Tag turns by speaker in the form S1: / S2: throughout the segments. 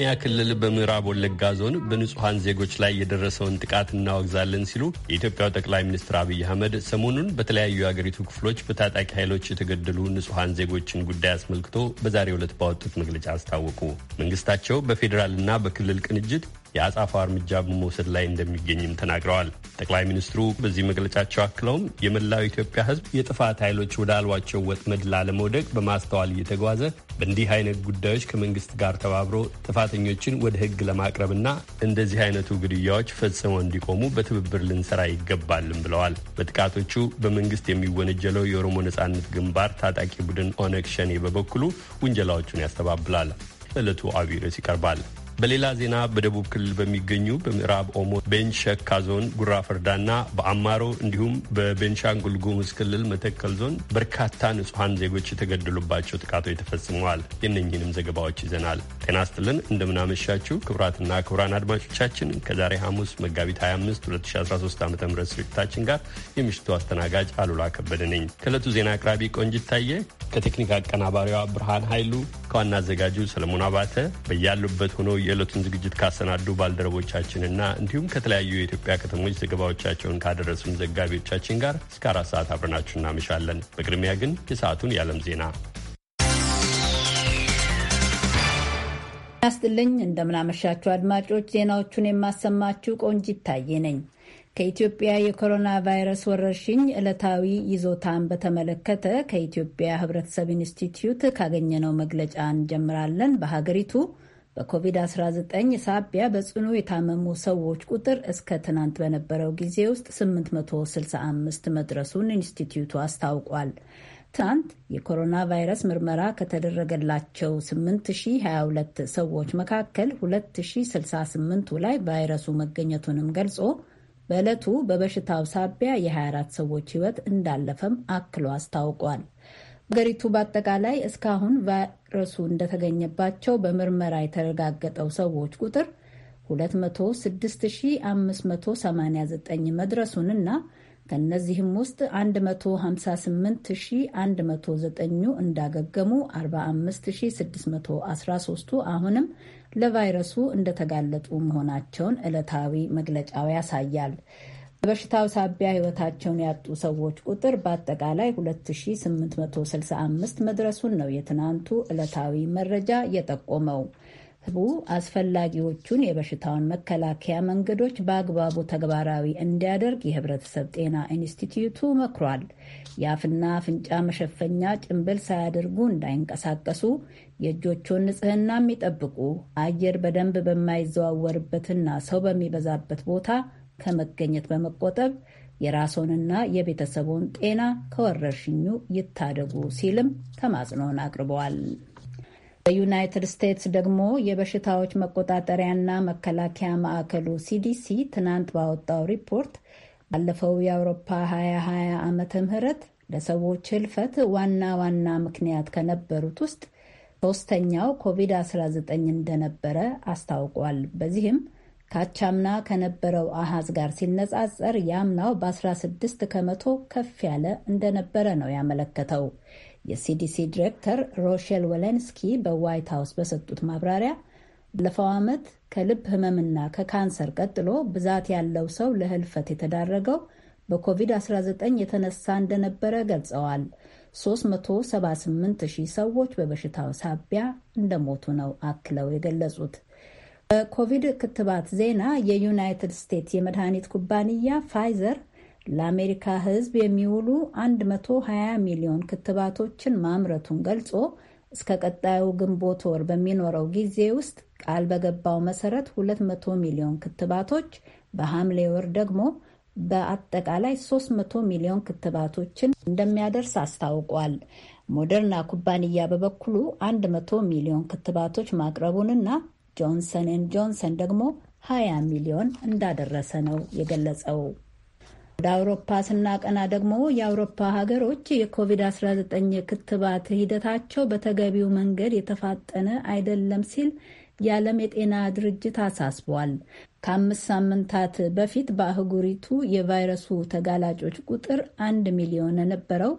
S1: በኦሮሚያ ክልል በምዕራብ ወለጋ ዞን በንጹሐን ዜጎች ላይ የደረሰውን ጥቃት እናወግዛለን ሲሉ የኢትዮጵያው ጠቅላይ ሚኒስትር አብይ አህመድ ሰሞኑን በተለያዩ የአገሪቱ ክፍሎች በታጣቂ ኃይሎች የተገደሉ ንጹሐን ዜጎችን ጉዳይ አስመልክቶ በዛሬው ዕለት ባወጡት መግለጫ አስታወቁ። መንግስታቸው በፌዴራልና በክልል ቅንጅት የአጻፋ እርምጃ በመውሰድ ላይ እንደሚገኝም ተናግረዋል። ጠቅላይ ሚኒስትሩ በዚህ መግለጫቸው አክለውም የመላው ኢትዮጵያ ሕዝብ የጥፋት ኃይሎች ወዳሏቸው ወጥመድ ላለመውደቅ በማስተዋል እየተጓዘ በእንዲህ አይነት ጉዳዮች ከመንግስት ጋር ተባብሮ ጥፋተኞችን ወደ ሕግ ለማቅረብና እንደዚህ አይነቱ ግድያዎች ፈጽመው እንዲቆሙ በትብብር ልንሰራ ይገባልም ብለዋል። በጥቃቶቹ በመንግስት የሚወነጀለው የኦሮሞ ነጻነት ግንባር ታጣቂ ቡድን ኦነግ ሸኔ በበኩሉ ውንጀላዎቹን ያስተባብላል። ለዕለቱ አብይ ይቀርባል። በሌላ ዜና በደቡብ ክልል በሚገኙ በምዕራብ ኦሞ ቤንሸካ ዞን ጉራ ፈርዳና በአማሮ እንዲሁም በቤንሻንጉል ጉሙዝ ክልል መተከል ዞን በርካታ ንጹሐን ዜጎች የተገደሉባቸው ጥቃቶች ተፈጽመዋል። የእነኝህንም ዘገባዎች ይዘናል። ጤና ስጥልን፣ እንደምናመሻችሁ ክቡራትና ክቡራን አድማጮቻችን ከዛሬ ሐሙስ መጋቢት 25 2013 ዓ ም ስርጭታችን ጋር የምሽቱ አስተናጋጅ አሉላ ከበደ ነኝ። ከእለቱ ዜና አቅራቢ ቆንጅት ታየ ከቴክኒክ አቀናባሪዋ ብርሃን ኃይሉ ከዋና አዘጋጁ ሰለሞን አባተ በያሉበት ሆኖ የዕለቱን ዝግጅት ካሰናዱ ባልደረቦቻችንና እንዲሁም ከተለያዩ የኢትዮጵያ ከተሞች ዘገባዎቻቸውን ካደረሱም ዘጋቢዎቻችን ጋር እስከ አራት ሰዓት አብረናችሁ እናመሻለን። በቅድሚያ ግን የሰዓቱን የዓለም ዜና
S2: ያስጥልኝ። እንደምናመሻችሁ አድማጮች፣ ዜናዎቹን የማሰማችሁ ቆንጂ ይታየ ነኝ። ከኢትዮጵያ የኮሮና ቫይረስ ወረርሽኝ ዕለታዊ ይዞታን በተመለከተ ከኢትዮጵያ ሕብረተሰብ ኢንስቲትዩት ካገኘነው መግለጫ እንጀምራለን። በሀገሪቱ በኮቪድ-19 ሳቢያ በጽኑ የታመሙ ሰዎች ቁጥር እስከ ትናንት በነበረው ጊዜ ውስጥ 865 መድረሱን ኢንስቲትዩቱ አስታውቋል። ትናንት የኮሮና ቫይረስ ምርመራ ከተደረገላቸው 8022 ሰዎች መካከል 2068ቱ ላይ ቫይረሱ መገኘቱንም ገልጾ በዕለቱ በበሽታው ሳቢያ የ24 ሰዎች ሕይወት እንዳለፈም አክሎ አስታውቋል። ሀገሪቱ በአጠቃላይ እስካሁን ቫይረሱ እንደተገኘባቸው በምርመራ የተረጋገጠው ሰዎች ቁጥር መድረሱን መድረሱንና ከእነዚህም ውስጥ 158109ኙ እንዳገገሙ፣ 45613ቱ አሁንም ለቫይረሱ እንደተጋለጡ መሆናቸውን ዕለታዊ መግለጫው ያሳያል። በበሽታው ሳቢያ ሕይወታቸውን ያጡ ሰዎች ቁጥር በአጠቃላይ 2865 መድረሱን ነው የትናንቱ ዕለታዊ መረጃ የጠቆመው። ህቡ አስፈላጊዎቹን የበሽታውን መከላከያ መንገዶች በአግባቡ ተግባራዊ እንዲያደርግ የህብረተሰብ ጤና ኢንስቲትዩቱ መክሯል። የአፍና አፍንጫ መሸፈኛ ጭንብል ሳያደርጉ እንዳይንቀሳቀሱ፣ የእጆቹን ንጽህና የሚጠብቁ። አየር በደንብ በማይዘዋወርበትና ሰው በሚበዛበት ቦታ ከመገኘት በመቆጠብ የራስዎንና የቤተሰቡን ጤና ከወረርሽኙ ይታደጉ ሲልም ተማጽኖን አቅርበዋል። በዩናይትድ ስቴትስ ደግሞ የበሽታዎች መቆጣጠሪያና መከላከያ ማዕከሉ ሲዲሲ ትናንት ባወጣው ሪፖርት ባለፈው የአውሮፓ 2020 ዓመተ ምህረት ለሰዎች ህልፈት ዋና ዋና ምክንያት ከነበሩት ውስጥ ሶስተኛው ኮቪድ-19 እንደነበረ አስታውቋል። በዚህም ካቻምና ከነበረው አሃዝ ጋር ሲነጻጸር ያምናው በ16 ከመቶ ከፍ ያለ እንደነበረ ነው ያመለከተው። የሲዲሲ ዲሬክተር ሮሼል ወለንስኪ በዋይት ሀውስ በሰጡት ማብራሪያ ባለፈው ዓመት ከልብ ህመምና ከካንሰር ቀጥሎ ብዛት ያለው ሰው ለህልፈት የተዳረገው በኮቪድ-19 የተነሳ እንደነበረ ገልጸዋል። 378 ሺህ ሰዎች በበሽታው ሳቢያ እንደሞቱ ነው አክለው የገለጹት። በኮቪድ ክትባት ዜና የዩናይትድ ስቴትስ የመድኃኒት ኩባንያ ፋይዘር ለአሜሪካ ሕዝብ የሚውሉ 120 ሚሊዮን ክትባቶችን ማምረቱን ገልጾ እስከ ቀጣዩ ግንቦት ወር በሚኖረው ጊዜ ውስጥ ቃል በገባው መሰረት 200 ሚሊዮን ክትባቶች፣ በሐምሌ ወር ደግሞ በአጠቃላይ 300 ሚሊዮን ክትባቶችን እንደሚያደርስ አስታውቋል። ሞደርና ኩባንያ በበኩሉ 100 ሚሊዮን ክትባቶች ማቅረቡንና ጆንሰን ጆንሰን ደግሞ 20 ሚሊዮን እንዳደረሰ ነው የገለጸው። ወደ አውሮፓ ስናቀና ደግሞ የአውሮፓ ሀገሮች የኮቪድ-19 ክትባት ሂደታቸው በተገቢው መንገድ የተፋጠነ አይደለም ሲል የዓለም የጤና ድርጅት አሳስቧል። ከአምስት ሳምንታት በፊት በአህጉሪቱ የቫይረሱ ተጋላጮች ቁጥር አንድ ሚሊዮን የነበረው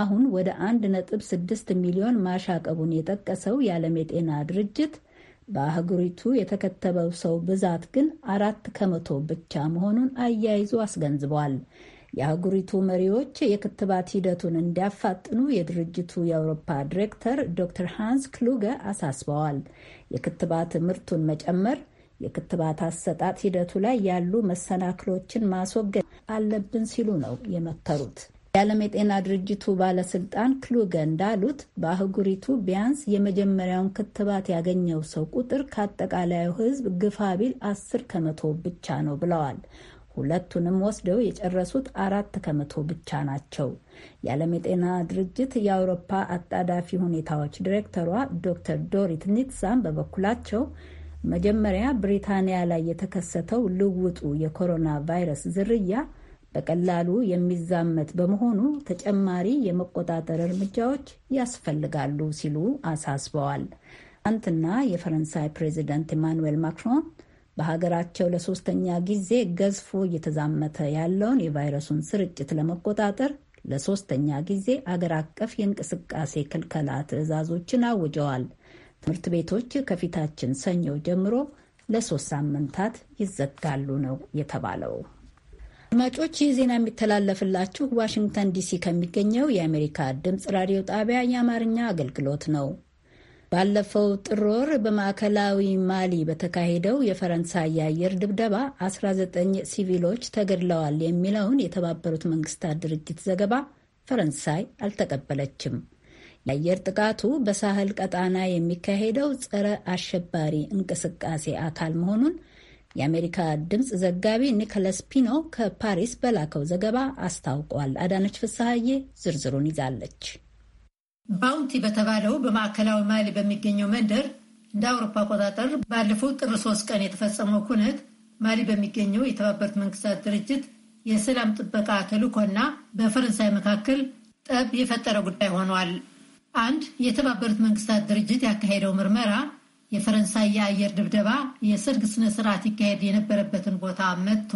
S2: አሁን ወደ አንድ ነጥብ ስድስት ሚሊዮን ማሻቀቡን የጠቀሰው የዓለም የጤና ድርጅት በአህጉሪቱ የተከተበው ሰው ብዛት ግን አራት ከመቶ ብቻ መሆኑን አያይዞ አስገንዝቧል። የአህጉሪቱ መሪዎች የክትባት ሂደቱን እንዲያፋጥኑ የድርጅቱ የአውሮፓ ዲሬክተር ዶክተር ሃንስ ክሉገ አሳስበዋል። የክትባት ምርቱን መጨመር፣ የክትባት አሰጣጥ ሂደቱ ላይ ያሉ መሰናክሎችን ማስወገድ አለብን ሲሉ ነው የመከሩት። የዓለም የጤና ድርጅቱ ባለስልጣን ክሉገ እንዳሉት በአህጉሪቱ ቢያንስ የመጀመሪያውን ክትባት ያገኘው ሰው ቁጥር ከአጠቃላዩ ሕዝብ ግፋ ቢል አስር ከመቶ ብቻ ነው ብለዋል። ሁለቱንም ወስደው የጨረሱት አራት ከመቶ ብቻ ናቸው። የዓለም የጤና ድርጅት የአውሮፓ አጣዳፊ ሁኔታዎች ዲሬክተሯ ዶክተር ዶሪት ኒትሳም በበኩላቸው መጀመሪያ ብሪታንያ ላይ የተከሰተው ልውጡ የኮሮና ቫይረስ ዝርያ በቀላሉ የሚዛመት በመሆኑ ተጨማሪ የመቆጣጠር እርምጃዎች ያስፈልጋሉ ሲሉ አሳስበዋል። ትናንትና የፈረንሳይ ፕሬዚደንት ኢማኑዌል ማክሮን በሀገራቸው ለሶስተኛ ጊዜ ገዝፎ እየተዛመተ ያለውን የቫይረሱን ስርጭት ለመቆጣጠር ለሶስተኛ ጊዜ አገር አቀፍ የእንቅስቃሴ ክልከላ ትዕዛዞችን አውጀዋል። ትምህርት ቤቶች ከፊታችን ሰኞ ጀምሮ ለሶስት ሳምንታት ይዘጋሉ ነው የተባለው። አድማጮች ይህ ዜና የሚተላለፍላችሁ ዋሽንግተን ዲሲ ከሚገኘው የአሜሪካ ድምፅ ራዲዮ ጣቢያ የአማርኛ አገልግሎት ነው። ባለፈው ጥር ወር በማዕከላዊ ማሊ በተካሄደው የፈረንሳይ የአየር ድብደባ 19 ሲቪሎች ተገድለዋል የሚለውን የተባበሩት መንግስታት ድርጅት ዘገባ ፈረንሳይ አልተቀበለችም። የአየር ጥቃቱ በሳህል ቀጣና የሚካሄደው ጸረ አሸባሪ እንቅስቃሴ አካል መሆኑን የአሜሪካ ድምፅ ዘጋቢ ኒኮለስ ፒኖ ከፓሪስ በላከው ዘገባ አስታውቋል። አዳነች ፍስሐዬ ዝርዝሩን ይዛለች።
S3: ባውንቲ በተባለው በማዕከላዊ ማሊ በሚገኘው መንደር እንደ አውሮፓ አቆጣጠር ባለፈው ጥር ሶስት ቀን የተፈጸመው ኩነት ማሊ በሚገኘው የተባበሩት መንግስታት ድርጅት የሰላም ጥበቃ ተልዕኮና በፈረንሳይ መካከል ጠብ የፈጠረ ጉዳይ ሆኗል። አንድ የተባበሩት መንግስታት ድርጅት ያካሄደው ምርመራ የፈረንሳይ የአየር ድብደባ የሰርግ ስነ ስርዓት ይካሄድ የነበረበትን ቦታ መጥቶ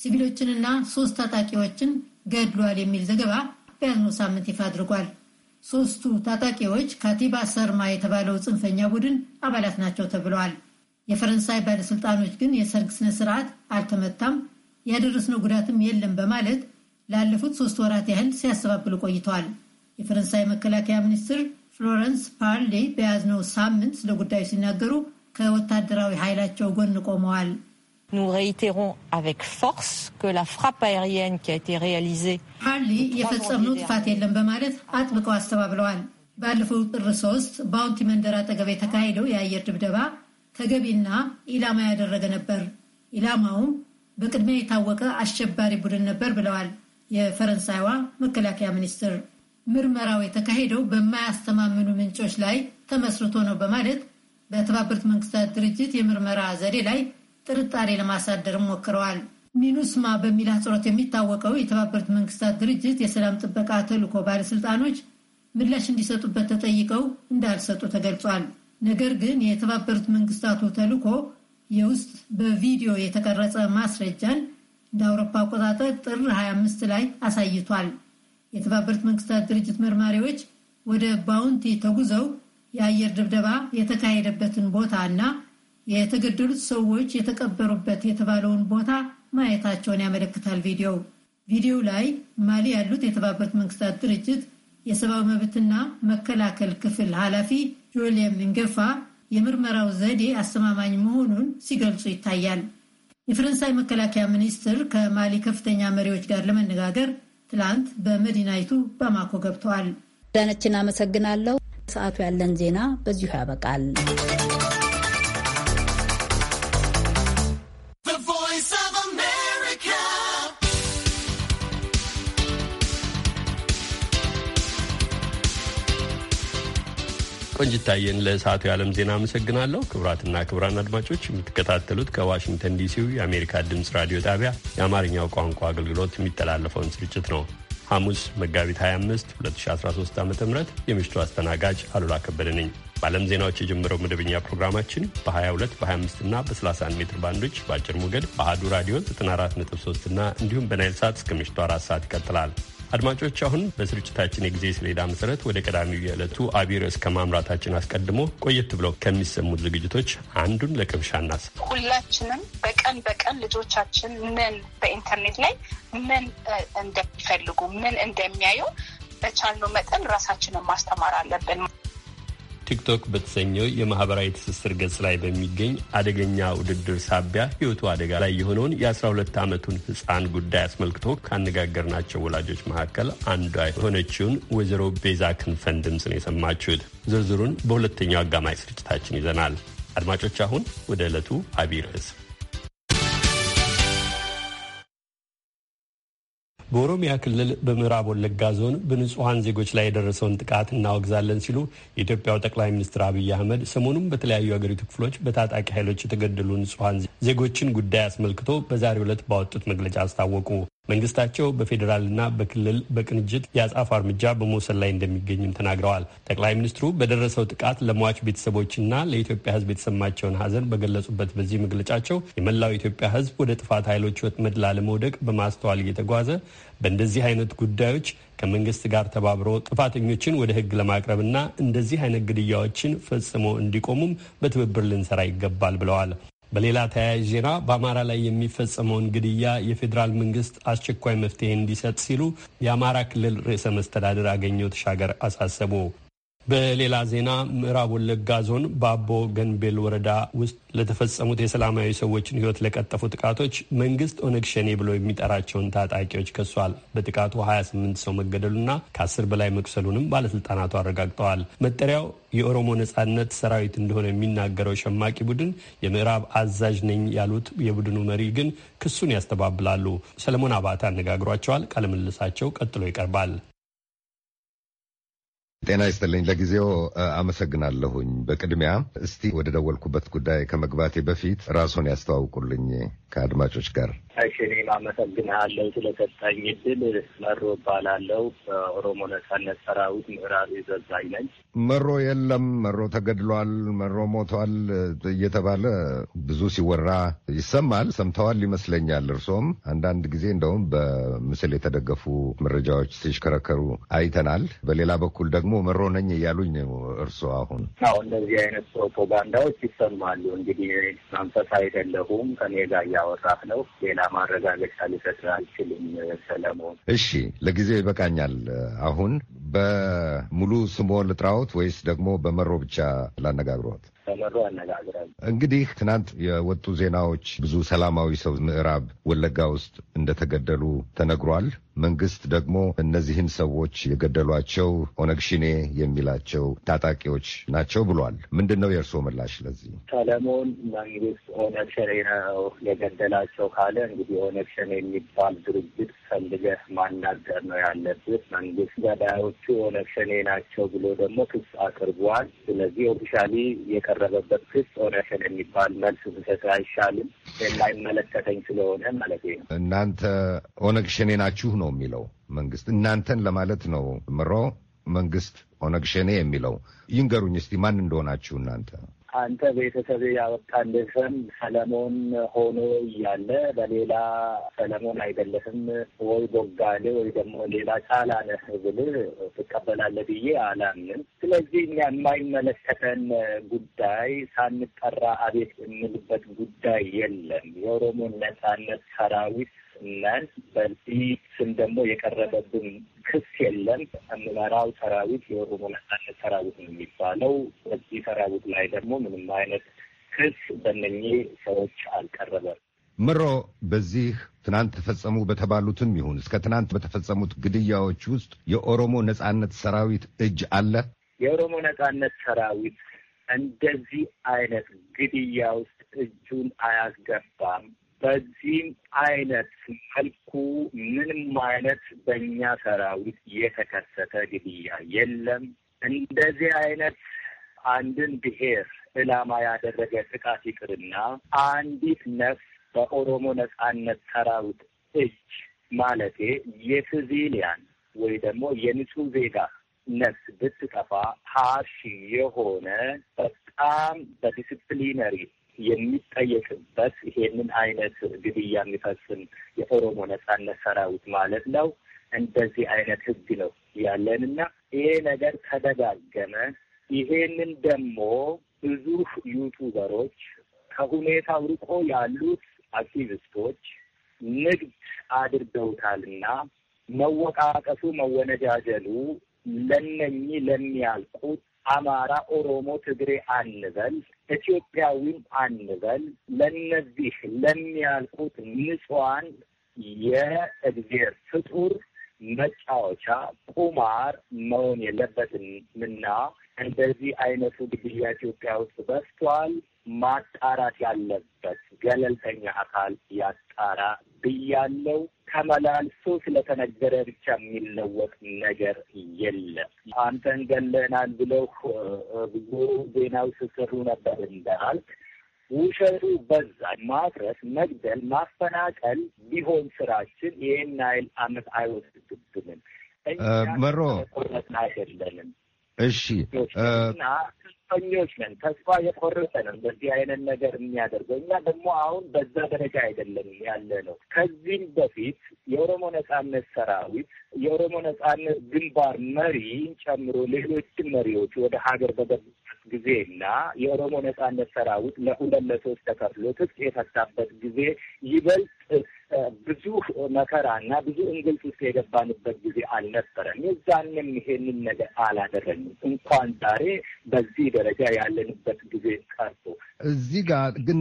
S3: ሲቪሎችንና ሶስት ታጣቂዎችን ገድሏል የሚል ዘገባ በያዝነው ሳምንት ይፋ አድርጓል። ሶስቱ ታጣቂዎች ካቲባ ሰርማ የተባለው ጽንፈኛ ቡድን አባላት ናቸው ተብለዋል። የፈረንሳይ ባለሥልጣኖች ግን የሰርግ ስነ ስርዓት አልተመታም፣ ያደረስነው ጉዳትም የለም በማለት ላለፉት ሶስት ወራት ያህል ሲያስተባብሉ ቆይተዋል። የፈረንሳይ መከላከያ ሚኒስትር ፍሎረንስ ፓርሌ በያዝነው ሳምንት ስለ ጉዳዩ ሲናገሩ ከወታደራዊ ኃይላቸው ጎን ቆመዋል። ፓርሌ የፈጸምነው ጥፋት የለም በማለት አጥብቀው አስተባብለዋል። ባለፈው ጥር ሶስት ባውንቲ መንደር አጠገብ የተካሄደው የአየር ድብደባ ተገቢና ኢላማ ያደረገ ነበር። ኢላማውም በቅድሚያ የታወቀ አሸባሪ ቡድን ነበር ብለዋል የፈረንሳይዋ መከላከያ ሚኒስትር። ምርመራው የተካሄደው በማያስተማምኑ ምንጮች ላይ ተመስርቶ ነው በማለት በተባበሩት መንግስታት ድርጅት የምርመራ ዘዴ ላይ ጥርጣሬ ለማሳደር ሞክረዋል። ሚኑስማ በሚል አጽሮት የሚታወቀው የተባበሩት መንግስታት ድርጅት የሰላም ጥበቃ ተልዕኮ ባለስልጣኖች ምላሽ እንዲሰጡበት ተጠይቀው እንዳልሰጡ ተገልጿል። ነገር ግን የተባበሩት መንግስታቱ ተልዕኮ የውስጥ በቪዲዮ የተቀረጸ ማስረጃን እንደ አውሮፓ አቆጣጠር ጥር 25 ላይ አሳይቷል። የተባበሩት መንግስታት ድርጅት መርማሪዎች ወደ ባውንቲ ተጉዘው የአየር ድብደባ የተካሄደበትን ቦታ እና የተገደሉት ሰዎች የተቀበሩበት የተባለውን ቦታ ማየታቸውን ያመለክታል። ቪዲዮው ቪዲዮው ላይ ማሊ ያሉት የተባበሩት መንግስታት ድርጅት የሰብአዊ መብትና መከላከል ክፍል ኃላፊ ጆልየም ንገፋ የምርመራው ዘዴ አስተማማኝ መሆኑን ሲገልጹ ይታያል። የፈረንሳይ መከላከያ ሚኒስትር ከማሊ ከፍተኛ መሪዎች ጋር
S2: ለመነጋገር ትላንት
S3: በመዲናይቱ ባማኮ ገብተዋል።
S2: ዳነችን አመሰግናለሁ። ሰዓቱ ያለን ዜና በዚሁ ያበቃል።
S1: ቆንጅታየን ለሰዓቱ የዓለም ዜና አመሰግናለሁ። ክቡራትና ክቡራን አድማጮች የምትከታተሉት ከዋሽንግተን ዲሲው የአሜሪካ ድምፅ ራዲዮ ጣቢያ የአማርኛው ቋንቋ አገልግሎት የሚተላለፈውን ስርጭት ነው። ሐሙስ መጋቢት 25 2013 ዓ ም የምሽቱ አስተናጋጅ አሉላ ከበደ ነኝ። በዓለም ዜናዎች የጀመረው መደበኛ ፕሮግራማችን በ22 በ25 እና በ31 ሜትር ባንዶች በአጭር ሞገድ በአህዱ ራዲዮ 94.3 እና እንዲሁም በናይል ሰዓት እስከ ምሽቱ አራት ሰዓት ይቀጥላል። አድማጮች አሁን በስርጭታችን የጊዜ ሰሌዳ መሰረት ወደ ቀዳሚው የዕለቱ አቢይ ርዕስ ከማምራታችን አስቀድሞ ቆየት ብለው ከሚሰሙት ዝግጅቶች አንዱን ለቅምሻ እናስ
S4: ሁላችንም በቀን በቀን ልጆቻችን ምን በኢንተርኔት ላይ ምን እንደሚፈልጉ ምን እንደሚያዩ በቻልነው መጠን ራሳችንን ማስተማር አለብን።
S1: ቲክቶክ በተሰኘው የማህበራዊ ትስስር ገጽ ላይ በሚገኝ አደገኛ ውድድር ሳቢያ ሕይወቱ አደጋ ላይ የሆነውን የ12 ዓመቱን ህፃን ጉዳይ አስመልክቶ ካነጋገርናቸው ወላጆች መካከል አንዷ የሆነችውን ወይዘሮ ቤዛ ክንፈን ድምፅን የሰማችሁት። ዝርዝሩን በሁለተኛው አጋማሽ ስርጭታችን ይዘናል። አድማጮች አሁን ወደ ዕለቱ አቢይ ርዕስ በኦሮሚያ ክልል በምዕራብ ወለጋ ዞን በንጹሐን ዜጎች ላይ የደረሰውን ጥቃት እናወግዛለን ሲሉ የኢትዮጵያው ጠቅላይ ሚኒስትር አብይ አህመድ ሰሞኑም በተለያዩ አገሪቱ ክፍሎች በታጣቂ ኃይሎች የተገደሉ ንጹሐን ዜጎችን ጉዳይ አስመልክቶ በዛሬው ዕለት ባወጡት መግለጫ አስታወቁ። መንግስታቸው በፌዴራልና በክልል በቅንጅት የአጻፋ እርምጃ በመውሰድ ላይ እንደሚገኝም ተናግረዋል። ጠቅላይ ሚኒስትሩ በደረሰው ጥቃት ለሟች ቤተሰቦችና ለኢትዮጵያ ሕዝብ የተሰማቸውን ሐዘን በገለጹበት በዚህ መግለጫቸው የመላው ኢትዮጵያ ሕዝብ ወደ ጥፋት ኃይሎች ወጥመድ ላለመውደቅ በማስተዋል እየተጓዘ በእንደዚህ አይነት ጉዳዮች ከመንግስት ጋር ተባብሮ ጥፋተኞችን ወደ ለማቅረብ ለማቅረብና እንደዚህ አይነት ግድያዎችን ፈጽሞ እንዲቆሙም በትብብር ልንሰራ ይገባል ብለዋል። በሌላ ተያያዥ ዜና በአማራ ላይ የሚፈጸመውን ግድያ የፌዴራል መንግስት አስቸኳይ መፍትሄ እንዲሰጥ ሲሉ የአማራ ክልል ርዕሰ መስተዳድር አገኘሁ ተሻገር አሳሰቡ። በሌላ ዜና ምዕራብ ወለጋ ዞን በአቦ ገንቤል ወረዳ ውስጥ ለተፈጸሙት የሰላማዊ ሰዎችን ሕይወት ለቀጠፉ ጥቃቶች መንግስት ኦነግ ሸኔ ብሎ የሚጠራቸውን ታጣቂዎች ከሷል። በጥቃቱ 28 ሰው መገደሉና ከ ከ10 በላይ መቁሰሉንም ባለስልጣናቱ አረጋግጠዋል። መጠሪያው የኦሮሞ ነጻነት ሰራዊት እንደሆነ የሚናገረው ሸማቂ ቡድን የምዕራብ አዛዥ ነኝ ያሉት የቡድኑ መሪ ግን ክሱን ያስተባብላሉ። ሰለሞን አባተ አነጋግሯቸዋል። ቃለምልሳቸው ቀጥሎ ይቀርባል።
S5: ጤና ይስጥልኝ። ለጊዜው አመሰግናለሁኝ። በቅድሚያ እስቲ ወደ ደወልኩበት ጉዳይ ከመግባቴ በፊት ራስዎን ያስተዋውቁልኝ ከአድማጮች ጋር።
S6: እሺ እኔም አመሰግናለሁ ስለሰጠኝ እድል። መሮ እባላለሁ። በኦሮሞ ነጻነት ሰራዊት ምዕራብ የዘዛኝ ነኝ።
S5: መሮ የለም፣ መሮ ተገድሏል፣ መሮ ሞቷል እየተባለ ብዙ ሲወራ ይሰማል። ሰምተዋል ይመስለኛል። እርሶም አንዳንድ ጊዜ እንደውም በምስል የተደገፉ መረጃዎች ሲሽከረከሩ አይተናል። በሌላ በኩል ደግሞ መሮ ነኝ እያሉኝ ነው እርሶ አሁን።
S6: አሁ እንደዚህ አይነት ፕሮፓጋንዳዎች ይሰማሉ። እንግዲህ መንፈስ አይደለሁም ከኔ ጋር እያወራህ ነው ሌላ ማረጋገጥ ሊሰጥ አልችልም ሰለሞን።
S5: እሺ ለጊዜው ይበቃኛል። አሁን በሙሉ ስሞ ልጥራዎት ወይስ ደግሞ በመሮ ብቻ ላነጋግሮት?
S6: ተመሩ አነጋግራል።
S5: እንግዲህ ትናንት የወጡ ዜናዎች ብዙ ሰላማዊ ሰው ምዕራብ ወለጋ ውስጥ እንደተገደሉ ተነግሯል። መንግስት ደግሞ እነዚህን ሰዎች የገደሏቸው ኦነግ ሽኔ የሚላቸው ታጣቂዎች ናቸው ብሏል። ምንድን ነው የእርስዎ ምላሽ ለዚህ?
S6: ሰለሞን መንግስት ኦነግ ሸኔ ነው የገደላቸው ካለ እንግዲህ ኦነግ ሸኔ የሚባል ድርጅት ፈልገህ ማናገር ነው ያለብህ። መንግስት ገዳዮቹ ኦነግ ሸኔ ናቸው ብሎ ደግሞ ክስ አቅርቧል። ስለዚህ ኦፊሻሊ የቀ በቀረበበት ክስ ኦነሽን የሚባል መልስ ብሰት አይሻልም ላይመለከተኝ ስለሆነ ማለት ነው።
S5: እናንተ ኦነግ ሸኔ ናችሁ ነው የሚለው መንግስት። እናንተን ለማለት ነው ምሮ መንግስት ኦነግ ሸኔ የሚለው ይንገሩኝ እስቲ ማን እንደሆናችሁ እናንተ
S6: አንተ ቤተሰብ ያወጣልህ ሰለሞን ሆኖ እያለ በሌላ ሰለሞን አይደለህም ወይ ቦጋሌ ወይ ደግሞ ሌላ ጫላ ነህ ብልህ ትቀበላለህ ብዬ አላምንም። ስለዚህ እኛ የማይመለከተን ጉዳይ ሳንጠራ አቤት የምልበት ጉዳይ የለም። የኦሮሞን ነጻነት ሰራዊት ይመስላል። በዚህ ስም ደግሞ የቀረበብን ክስ የለም። የምመራው ሰራዊት የኦሮሞ ነጻነት ሰራዊት ነው የሚባለው። በዚህ ሰራዊት ላይ ደግሞ ምንም አይነት ክስ በእነኚህ
S5: ሰዎች አልቀረበም። ምሮ በዚህ ትናንት ተፈጸሙ በተባሉትም ይሁን እስከ ትናንት በተፈጸሙት ግድያዎች ውስጥ የኦሮሞ ነጻነት ሰራዊት እጅ አለ።
S7: የኦሮሞ
S6: ነጻነት ሰራዊት እንደዚህ አይነት ግድያ ውስጥ እጁን አያስገባም በዚህም አይነት መልኩ ምንም አይነት በእኛ ሰራዊት የተከሰተ ግድያ የለም። እንደዚህ አይነት አንድን ብሔር ዕላማ ያደረገ ጥቃት ይቅርና አንዲት ነፍስ በኦሮሞ ነጻነት ሰራዊት እጅ ማለቴ የሲቪሊያን ወይ ደግሞ የንጹህ ዜጋ ነፍስ ብትጠፋ ሀሺ የሆነ በጣም በዲስፕሊነሪ የሚጠየቅበት ይሄንን አይነት ግድያ የሚፈጽም የኦሮሞ ነጻነት ሰራዊት ማለት ነው። እንደዚህ አይነት ህግ ነው ያለንና ይሄ ነገር ተደጋገመ። ይሄንን ደግሞ ብዙ ዩቱበሮች ከሁኔታው ርቆ ያሉት አክቲቪስቶች ንግድ አድርገውታልና መወቃቀሱ፣ መወነጃጀሉ ለነኚህ ለሚያልቁት አማራ፣ ኦሮሞ፣ ትግሬ አንበል ኢትዮጵያዊም አንበል ለነዚህ ለሚያልቁት ንጹዋን የእግዜር ፍጡር መጫወቻ ቁማር መሆን የለበትምና እንደዚህ አይነቱ ግድያ ኢትዮጵያ ውስጥ በስቷል። ማጣራት ያለበት ገለልተኛ አካል ያጣራ ብያለው። ተመላልሶ ስለተነገረ ብቻ የሚለወጥ ነገር የለም። አንተን ገለናል ብለው ብዙ ዜናው ስስሩ ነበር እንዳልክ ውሸቱ በዛ። ማፍረስ፣ መግደል፣ ማፈናቀል ቢሆን ስራችን ይህን ያህል አመት አይወስድብንም። እኛ አይደለንም። እሺ ተስፈኞች ነን። ተስፋ የቆረጠ ነን በዚህ አይነት ነገር የሚያደርገው እኛ ደግሞ አሁን በዛ ደረጃ አይደለም ያለ ነው። ከዚህም በፊት የኦሮሞ ነጻነት ሰራዊት የኦሮሞ ነጻነት ግንባር መሪን ጨምሮ ሌሎችን መሪዎች ወደ ሀገር በገቡ ጊዜና የኦሮሞ ነጻነት ሰራዊት ለሁለት ለሶስት ተከፍሎ ትጥቅ የፈታበት ጊዜ ይበልጥ ብዙ መከራና ብዙ እንግልት ውስጥ የገባንበት ጊዜ አልነበረም። የዛንም ይሄንን ነገር አላደረግንም። እንኳን ዛሬ በዚህ ደረጃ ያለንበት ጊዜ ቀርቶ
S5: እዚህ ጋር ግን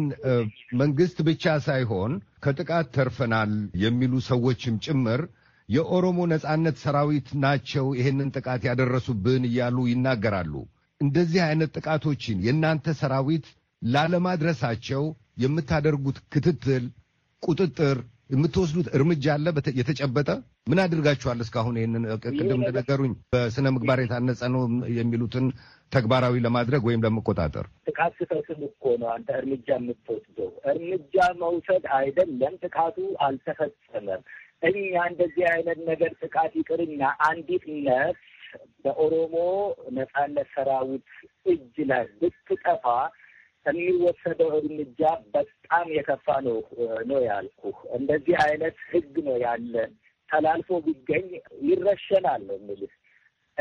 S5: መንግስት ብቻ ሳይሆን ከጥቃት ተርፈናል የሚሉ ሰዎችም ጭምር የኦሮሞ ነጻነት ሰራዊት ናቸው ይሄንን ጥቃት ያደረሱብን እያሉ ይናገራሉ። እንደዚህ አይነት ጥቃቶችን የእናንተ ሰራዊት ላለማድረሳቸው የምታደርጉት ክትትል፣ ቁጥጥር፣ የምትወስዱት እርምጃ አለ የተጨበጠ? ምን አድርጋችኋል እስካሁን? ይህንን ቅድም እንደነገሩኝ በስነ ምግባር የታነጸ ነው የሚሉትን ተግባራዊ ለማድረግ ወይም ለመቆጣጠር
S6: ጥቃት ስተስም እኮ ነው አንተ እርምጃ የምትወስደው። እርምጃ መውሰድ አይደለም ጥቃቱ አልተፈጸመም። እኛ እንደዚህ አይነት ነገር ጥቃት ይቅርና አንዲት ነፍስ በኦሮሞ ነጻነት ሰራዊት እጅ ላይ ብትጠፋ የሚወሰደው እርምጃ በጣም የከፋ ነው ነው ያልኩ። እንደዚህ አይነት ህግ ነው ያለን። ተላልፎ ቢገኝ ይረሸናል ነው የምልህ።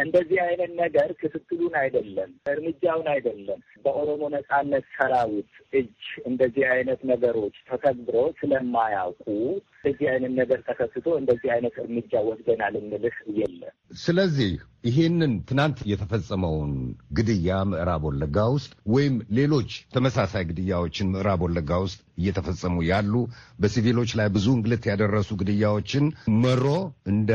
S6: እንደዚህ አይነት ነገር ክትትሉን አይደለም እርምጃውን አይደለም በኦሮሞ ነጻነት ሰራዊት እጅ እንደዚህ አይነት ነገሮች ተከብሮ ስለማያውቁ እንደዚህ አይነት ነገር ተከስቶ እንደዚህ አይነት እርምጃ ወስደናል እንልህ የለም።
S5: ስለዚህ ይህንን ትናንት የተፈጸመውን ግድያ ምዕራብ ወለጋ ውስጥ ወይም ሌሎች ተመሳሳይ ግድያዎችን ምዕራብ ወለጋ ውስጥ እየተፈጸሙ ያሉ በሲቪሎች ላይ ብዙ እንግልት ያደረሱ ግድያዎችን መሮ እንደ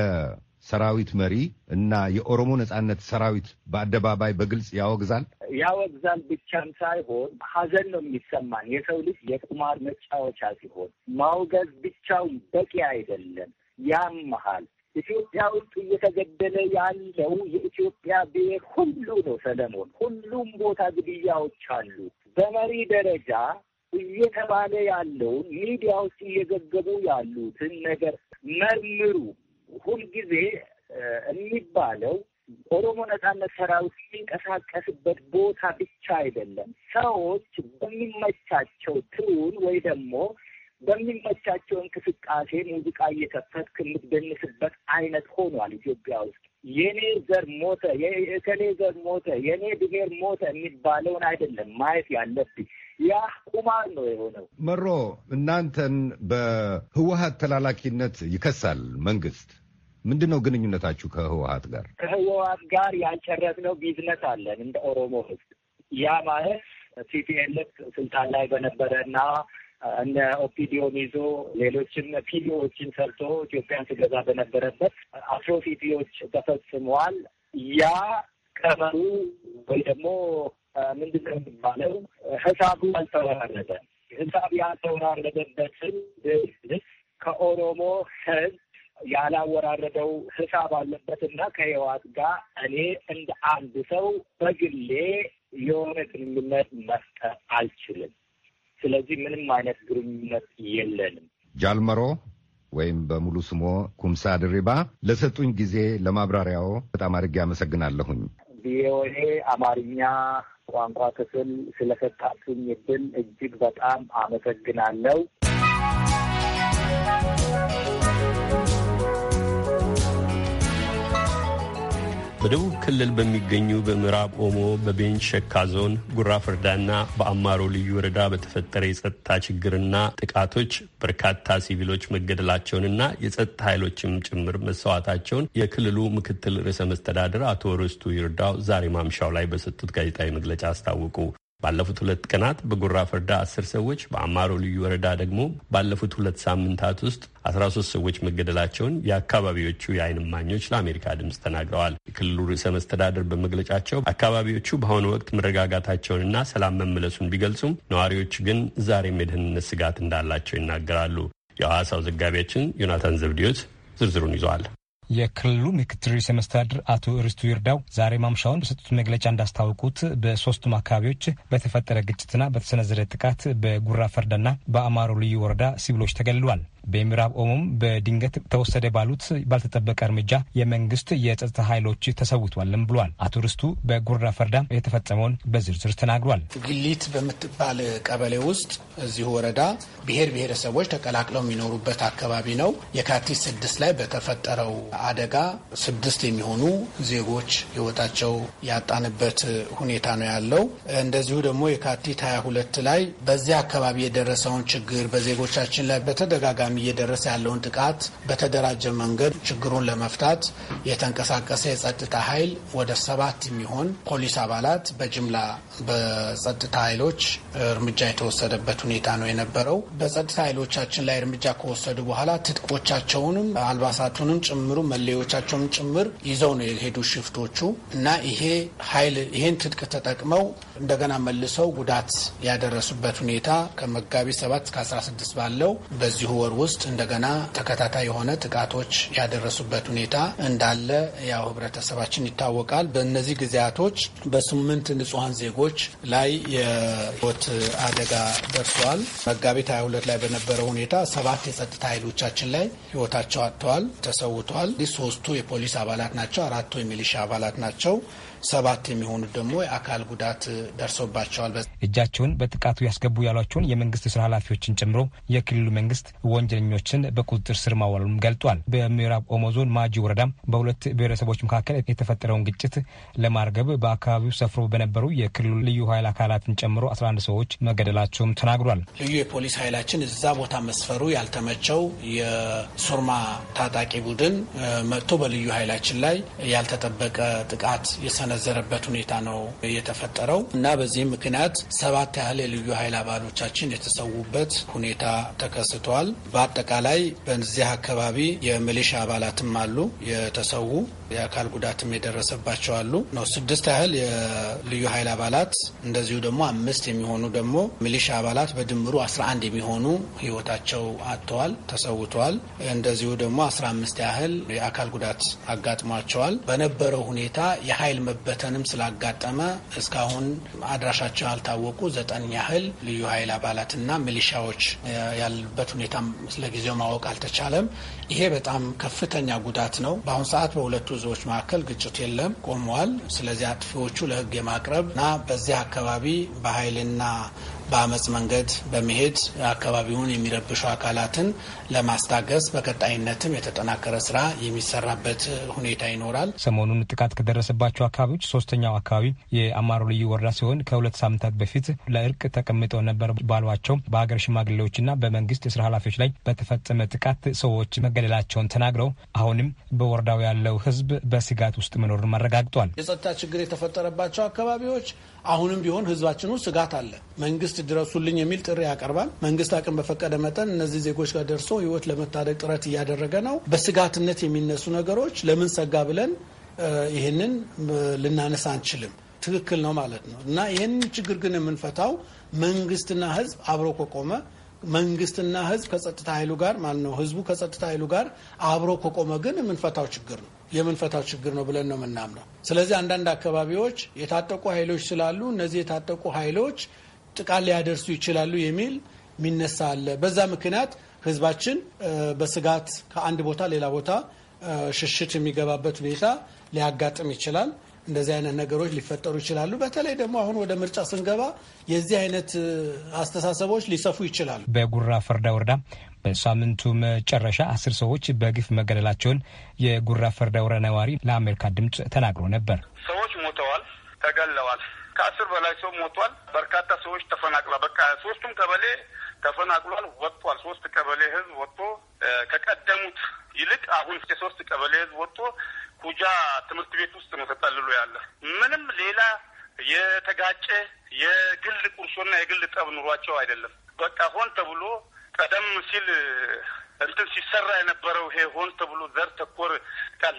S5: ሰራዊት መሪ እና የኦሮሞ ነጻነት ሰራዊት በአደባባይ በግልጽ ያወግዛል
S6: ያወግዛል ብቻም ሳይሆን ሀዘን ነው የሚሰማን። የሰው ልጅ የቁማር መጫወቻ ሲሆን ማውገዝ ብቻውን በቂ አይደለም። ያመሃል ኢትዮጵያ ውስጥ እየተገደለ ያለው የኢትዮጵያ ብሔር ሁሉ ነው ሰለሞን። ሁሉም ቦታ ግድያዎች አሉ። በመሪ ደረጃ እየተባለ ያለውን ሚዲያ ውስጥ እየዘገቡ ያሉትን ነገር መርምሩ። ሁልጊዜ የሚባለው ኦሮሞ ነጻነት ሰራዊት የሚንቀሳቀስበት ቦታ ብቻ አይደለም። ሰዎች በሚመቻቸው ትሩን ወይ ደግሞ በሚመቻቸው እንቅስቃሴ ሙዚቃ እየከፈትክ የምትደንስበት አይነት ሆኗል ኢትዮጵያ ውስጥ። የኔ ዘር ሞተ፣ የከሌ ዘር ሞተ፣ የኔ ብሔር ሞተ የሚባለውን አይደለም ማየት ያለብኝ። ያ ቁማር ነው የሆነው።
S5: መሮ እናንተን በህወሀት ተላላኪነት ይከሳል መንግስት ምንድን ነው ግንኙነታችሁ ከህወሀት ጋር?
S6: ከህወሀት ጋር ያልጨረስነው ቢዝነስ አለን እንደ ኦሮሞ ህዝብ። ያ ማለት ሲፒኤልፍ ስልጣን ላይ በነበረ እና እነ ኦፒዲዮን ይዞ ሌሎችም ፒዲዮዎችን ሰርቶ ኢትዮጵያን ስገዛ በነበረበት አፍሮ ፒዲዮች ተፈጽሟል። ያ ቀመሩ ወይ ደግሞ ምንድን ነው የሚባለው ህሳቡ አልተወራረደ ህሳብ ያልተወራረደበትን ከኦሮሞ ህዝብ ያላወራረደው ሂሳብ አለበት እና ከህወሓት ጋር እኔ እንደ አንድ ሰው በግሌ የሆነ ግንኙነት መፍጠር አልችልም። ስለዚህ ምንም አይነት
S5: ግንኙነት የለንም። ጃልመሮ ወይም በሙሉ ስሞ ኩምሳ ድሪባ ለሰጡኝ ጊዜ ለማብራሪያው በጣም አድርጌ አመሰግናለሁኝ።
S6: ቪኦኤ አማርኛ ቋንቋ ክፍል ስለሰጣችሁኝ እድል እጅግ በጣም አመሰግናለሁ።
S1: በደቡብ ክልል በሚገኙ በምዕራብ ኦሞ በቤንች ሸካ ዞን ጉራ ፈርዳና በአማሮ ልዩ ወረዳ በተፈጠረ የጸጥታ ችግርና ጥቃቶች በርካታ ሲቪሎች መገደላቸውንና የጸጥታ ኃይሎችም ጭምር መሰዋታቸውን የክልሉ ምክትል ርዕሰ መስተዳድር አቶ ርስቱ ይርዳው ዛሬ ማምሻው ላይ በሰጡት ጋዜጣዊ መግለጫ አስታወቁ። ባለፉት ሁለት ቀናት በጉራ ፈርዳ አስር ሰዎች በአማሮ ልዩ ወረዳ ደግሞ ባለፉት ሁለት ሳምንታት ውስጥ አስራ ሶስት ሰዎች መገደላቸውን የአካባቢዎቹ የአይን እማኞች ለአሜሪካ ድምፅ ተናግረዋል። የክልሉ ርዕሰ መስተዳድር በመግለጫቸው አካባቢዎቹ በአሁኑ ወቅት መረጋጋታቸውንና ሰላም መመለሱን ቢገልጹም ነዋሪዎቹ ግን ዛሬም የደህንነት ስጋት እንዳላቸው ይናገራሉ። የሐዋሳው ዘጋቢያችን ዮናታን ዘብዲዮት ዝርዝሩን ይዘዋል።
S8: የክልሉ ምክትል ርዕሰ መስተዳድር አቶ ርስቱ ይርዳው ዛሬ ማምሻውን በሰጡት መግለጫ እንዳስታወቁት በሶስቱም አካባቢዎች በተፈጠረ ግጭትና በተሰነዘረ ጥቃት በጉራ ፈርዳና በአማሮ ልዩ ወረዳ ሲቪሎች ተገልሏል። በምዕራብ ኦሞም በድንገት ተወሰደ ባሉት ባልተጠበቀ እርምጃ የመንግስት የጸጥታ ኃይሎች ተሰውቷልም ብሏል። አቶ ርስቱ በጉራ ፈርዳ የተፈጸመውን በዝርዝር ተናግሯል።
S9: ግሊት በምትባል ቀበሌ ውስጥ እዚሁ ወረዳ ብሔር ብሔረሰቦች ተቀላቅለው የሚኖሩበት አካባቢ ነው። የካቲት ስድስት ላይ በተፈጠረው አደጋ ስድስት የሚሆኑ ዜጎች ህይወታቸው ያጣንበት ሁኔታ ነው ያለው። እንደዚሁ ደግሞ የካቲት 22 ላይ በዚያ አካባቢ የደረሰውን ችግር በዜጎቻችን ላይ በተደጋጋሚ በተደጋጋሚ እየደረሰ ያለውን ጥቃት በተደራጀ መንገድ ችግሩን ለመፍታት የተንቀሳቀሰ የጸጥታ ኃይል ወደ ሰባት የሚሆን ፖሊስ አባላት በጅምላ በጸጥታ ኃይሎች እርምጃ የተወሰደበት ሁኔታ ነው የነበረው። በጸጥታ ኃይሎቻችን ላይ እርምጃ ከወሰዱ በኋላ ትጥቆቻቸውንም አልባሳቱንም ጭምሩ መለዮቻቸውንም ጭምር ይዘው ነው የሄዱ ሽፍቶቹ እና ይሄ ኃይል ይህን ትጥቅ ተጠቅመው እንደገና መልሰው ጉዳት ያደረሱበት ሁኔታ ከመጋቢት 7 እስከ 16 ባለው በዚሁ ወር ውስጥ እንደገና ተከታታይ የሆነ ጥቃቶች ያደረሱበት ሁኔታ እንዳለ ያው ህብረተሰባችን ይታወቃል። በእነዚህ ጊዜያቶች በስምንት ንጹሐን ዜጎች ላይ የህይወት አደጋ ደርሷል። መጋቢት 22 ላይ በነበረው ሁኔታ ሰባት የጸጥታ ኃይሎቻችን ላይ ህይወታቸው አጥተዋል፣ ተሰውተዋል። ሶስቱ የፖሊስ አባላት ናቸው፣ አራቱ የሚሊሻ አባላት ናቸው። ሰባት የሚሆኑት ደግሞ የአካል ጉዳት ደርሶባቸዋል።
S8: እጃቸውን በጥቃቱ ያስገቡ ያሏቸውን የመንግስት ስራ ኃላፊዎችን ጨምሮ የክልሉ መንግስት ወንጀለኞችን በቁጥጥር ስር ማዋሉም ገልጧል። በምዕራብ ኦሞ ዞን ማጂ ወረዳም በሁለት ብሔረሰቦች መካከል የተፈጠረውን ግጭት ለማርገብ በአካባቢው ሰፍሮ በነበሩ የክልሉ ልዩ ኃይል አካላትን ጨምሮ 11 ሰዎች መገደላቸውም ተናግሯል።
S9: ልዩ የፖሊስ ኃይላችን እዛ ቦታ መስፈሩ ያልተመቸው የሱርማ ታጣቂ ቡድን መጥቶ በልዩ ኃይላችን ላይ ያልተጠበቀ ጥቃት የሰነዘረበት ሁኔታ ነው የተፈጠረው። እና በዚህም ምክንያት ሰባት ያህል የልዩ ኃይል አባሎቻችን የተሰዉበት ሁኔታ ተከስቷል። በአጠቃላይ በዚህ አካባቢ የሚሊሻ አባላትም አሉ የተሰዉ የአካል ጉዳትም የደረሰባቸው አሉ ነው። ስድስት ያህል የልዩ ኃይል አባላት እንደዚሁ ደግሞ አምስት የሚሆኑ ደግሞ ሚሊሻ አባላት በድምሩ አስራ አንድ የሚሆኑ ህይወታቸው አጥተዋል፣ ተሰውተዋል። እንደዚሁ ደግሞ አስራ አምስት ያህል የአካል ጉዳት አጋጥሟቸዋል። በነበረው ሁኔታ የኃይል መበተንም ስላጋጠመ እስካሁን አድራሻቸው ያልታወቁ ዘጠኝ ያህል ልዩ ኃይል አባላትና ሚሊሻዎች ያሉበት ሁኔታ ለጊዜው ማወቅ አልተቻለም። ይሄ በጣም ከፍተኛ ጉዳት ነው። በአሁኑ ሰዓት በሁለቱ ብዙዎች መካከል ግጭት የለም ቆመዋል። ስለዚህ አጥፊዎቹ ለህግ የማቅረብ እና በዚህ አካባቢ በኃይልና በአመፅ መንገድ በመሄድ አካባቢውን የሚረብሹ አካላትን ለማስታገስ በቀጣይነትም የተጠናከረ ስራ የሚሰራበት ሁኔታ ይኖራል።
S8: ሰሞኑን ጥቃት ከደረሰባቸው አካባቢዎች ሶስተኛው አካባቢ የአማሮ ልዩ ወረዳ ሲሆን ከሁለት ሳምንታት በፊት ለእርቅ ተቀምጠው ነበር ባሏቸው በሀገር ሽማግሌዎችና በመንግስት የስራ ኃላፊዎች ላይ በተፈጸመ ጥቃት ሰዎች መገደላቸውን ተናግረው አሁንም በወረዳው ያለው ህዝብ በስጋት ውስጥ መኖሩን አረጋግጧል።
S9: የጸጥታ ችግር የተፈጠረባቸው አካባቢዎች አሁንም ቢሆን ህዝባችን ውስጥ ስጋት አለ። መንግስት ድረሱልኝ የሚል ጥሪ ያቀርባል። መንግስት አቅም በፈቀደ መጠን እነዚህ ዜጎች ጋር ደርሶ ህይወት ለመታደግ ጥረት እያደረገ ነው። በስጋትነት የሚነሱ ነገሮች ለምን ሰጋ ብለን ይህንን ልናነሳ አንችልም። ትክክል ነው ማለት ነው እና ይህን ችግር ግን የምንፈታው መንግስትና ህዝብ አብሮ ከቆመ መንግስትና ህዝብ ከጸጥታ ኃይሉ ጋር ማለት ነው ህዝቡ ከጸጥታ ኃይሉ ጋር አብሮ ከቆመ ግን የምንፈታው ችግር ነው። የምንፈታው ችግር ነው ብለን ነው የምናምነው። ስለዚህ አንዳንድ አካባቢዎች የታጠቁ ኃይሎች ስላሉ እነዚህ የታጠቁ ኃይሎች ጥቃት ሊያደርሱ ይችላሉ የሚል የሚነሳ አለ። በዛ ምክንያት ህዝባችን በስጋት ከአንድ ቦታ ሌላ ቦታ ሽሽት የሚገባበት ሁኔታ ሊያጋጥም ይችላል። እንደዚህ አይነት ነገሮች ሊፈጠሩ ይችላሉ። በተለይ ደግሞ አሁን ወደ ምርጫ ስንገባ የዚህ አይነት አስተሳሰቦች ሊሰፉ ይችላሉ።
S8: በጉራ ፈርዳ ወረዳ በሳምንቱ መጨረሻ አስር ሰዎች በግፍ መገደላቸውን የጉራ ፈርዳ ወረዳ ነዋሪ ለአሜሪካ ድምፅ ተናግሮ ነበር።
S10: ሰዎች ሞተዋል፣ ተገለዋል። ከአስር በላይ ሰው ሞቷል። በርካታ ሰዎች ተፈናቅሏል። በቃ ሶስቱም ቀበሌ ተፈናቅሏል፣ ወጥቷል። ሶስት ቀበሌ ህዝብ ወጥቶ ከቀደሙት ይልቅ አሁን የሶስት ቀበሌ ህዝብ ወጥቶ ኩጃ ትምህርት ቤት ውስጥ ነው ተጠልሎ ያለ። ምንም ሌላ የተጋጨ የግል ቁርሾና የግል ጠብ ኑሯቸው አይደለም። በቃ ሆን ተብሎ ቀደም ሲል እንትን ሲሰራ የነበረው ይሄ ሆን ተብሎ ዘር ተኮር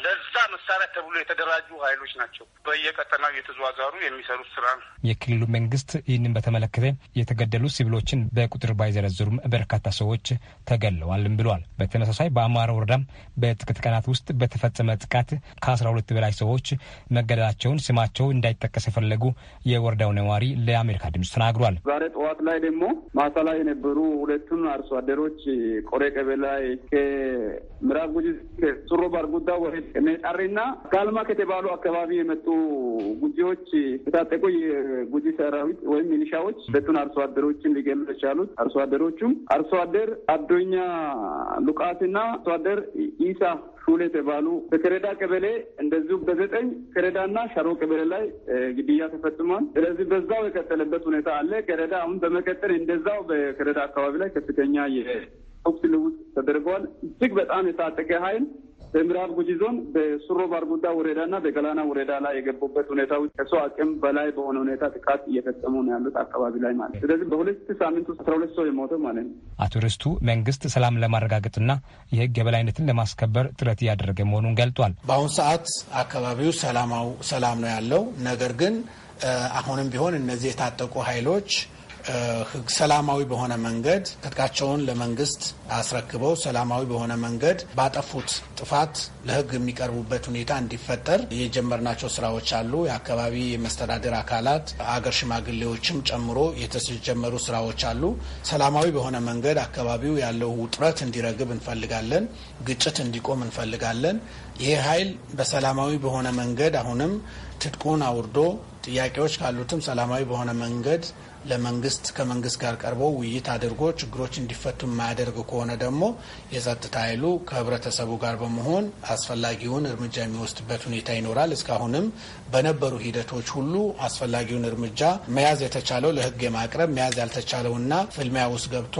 S10: ለዛ መሳሪያ ተብሎ የተደራጁ ኃይሎች
S8: ናቸው በየቀጠናው እየተዘዋዛሩ የሚሰሩት ስራ ነው። የክልሉ መንግስት ይህንን በተመለከተ የተገደሉ ሲቪሎችን በቁጥር ባይዘረዝሩም በርካታ ሰዎች ተገለዋልም ብሏል። በተመሳሳይ በአማራ ወረዳም በጥቂት ቀናት ውስጥ በተፈጸመ ጥቃት ከ12 በላይ ሰዎች መገደላቸውን ስማቸው እንዳይጠቀስ የፈለጉ የወረዳው ነዋሪ ለአሜሪካ ድምፅ ተናግሯል።
S10: ዛሬ ጠዋት ላይ ደግሞ ማሳ ላይ የነበሩ ሁለቱን አርሶ አደሮች ቆሬ ቀበሌ ላይ ከምዕራብ ጉጂ ሱሮ ባርጉዳ ወደ ሜጣሪና ጋልማ ከተባሉ አካባቢ የመጡ ጉጂዎች የታጠቁ የጉጂ ሰራዊት ወይም ሚኒሻዎች ሁለቱን አርሶ አደሮችን ሊገሉ ቻሉት። አርሶ አደሮቹም አርሶ አደር አደ አቶኛ ሉቃስና አስተዳደር ኢሳ ሹል የተባሉ በከረዳ ቀበሌ እንደዚሁ በዘጠኝ ከረዳና ሻሮ ቀበሌ ላይ ግድያ ተፈጽሟል። ስለዚህ በዛው የቀጠለበት ሁኔታ አለ። ከረዳ አሁን በመቀጠል እንደዛው በከረዳ አካባቢ ላይ ከፍተኛ የተኩስ ልውውጥ ተደርገዋል። እጅግ በጣም የታጠቀ ኃይል በምዕራብ ጉጂ ዞን በሱሮ ባርጉዳ ወረዳና በገላና ወረዳ ላይ የገቡበት ሁኔታዎች ከሰው አቅም በላይ በሆነ ሁኔታ ጥቃት እየፈጸሙ ነው ያሉት አካባቢ ላይ ማለት ስለዚህ በሁለት ሳምንት ውስጥ አስራ ሁለት ሰው የሞተው ማለት ነው።
S8: አቶ ርስቱ መንግስት ሰላም ለማረጋገጥና የህግ የበላይነትን ለማስከበር ጥረት እያደረገ መሆኑን ገልጧል።
S9: በአሁኑ ሰዓት አካባቢው ሰላም ነው ያለው። ነገር ግን አሁንም ቢሆን እነዚህ የታጠቁ ኃይሎች ሰላማዊ በሆነ መንገድ ትጥቃቸውን ለመንግስት አስረክበው ሰላማዊ በሆነ መንገድ ባጠፉት ጥፋት ለህግ የሚቀርቡበት ሁኔታ እንዲፈጠር የጀመርናቸው ስራዎች አሉ። የአካባቢ የመስተዳደር አካላት አገር ሽማግሌዎችም ጨምሮ የተጀመሩ ስራዎች አሉ። ሰላማዊ በሆነ መንገድ አካባቢው ያለው ውጥረት እንዲረግብ እንፈልጋለን። ግጭት እንዲቆም እንፈልጋለን። ይህ ኃይል በሰላማዊ በሆነ መንገድ አሁንም ትጥቁን አውርዶ ጥያቄዎች ካሉትም ሰላማዊ በሆነ መንገድ ለመንግስት ከመንግስት ጋር ቀርቦ ውይይት አድርጎ ችግሮች እንዲፈቱ የማያደርግ ከሆነ ደግሞ የጸጥታ ኃይሉ ከህብረተሰቡ ጋር በመሆን አስፈላጊውን እርምጃ የሚወስድበት ሁኔታ ይኖራል። እስካሁንም በነበሩ ሂደቶች ሁሉ አስፈላጊውን እርምጃ መያዝ የተቻለው ለህግ የማቅረብ መያዝ ያልተቻለውና ፍልሚያ ውስጥ ገብቶ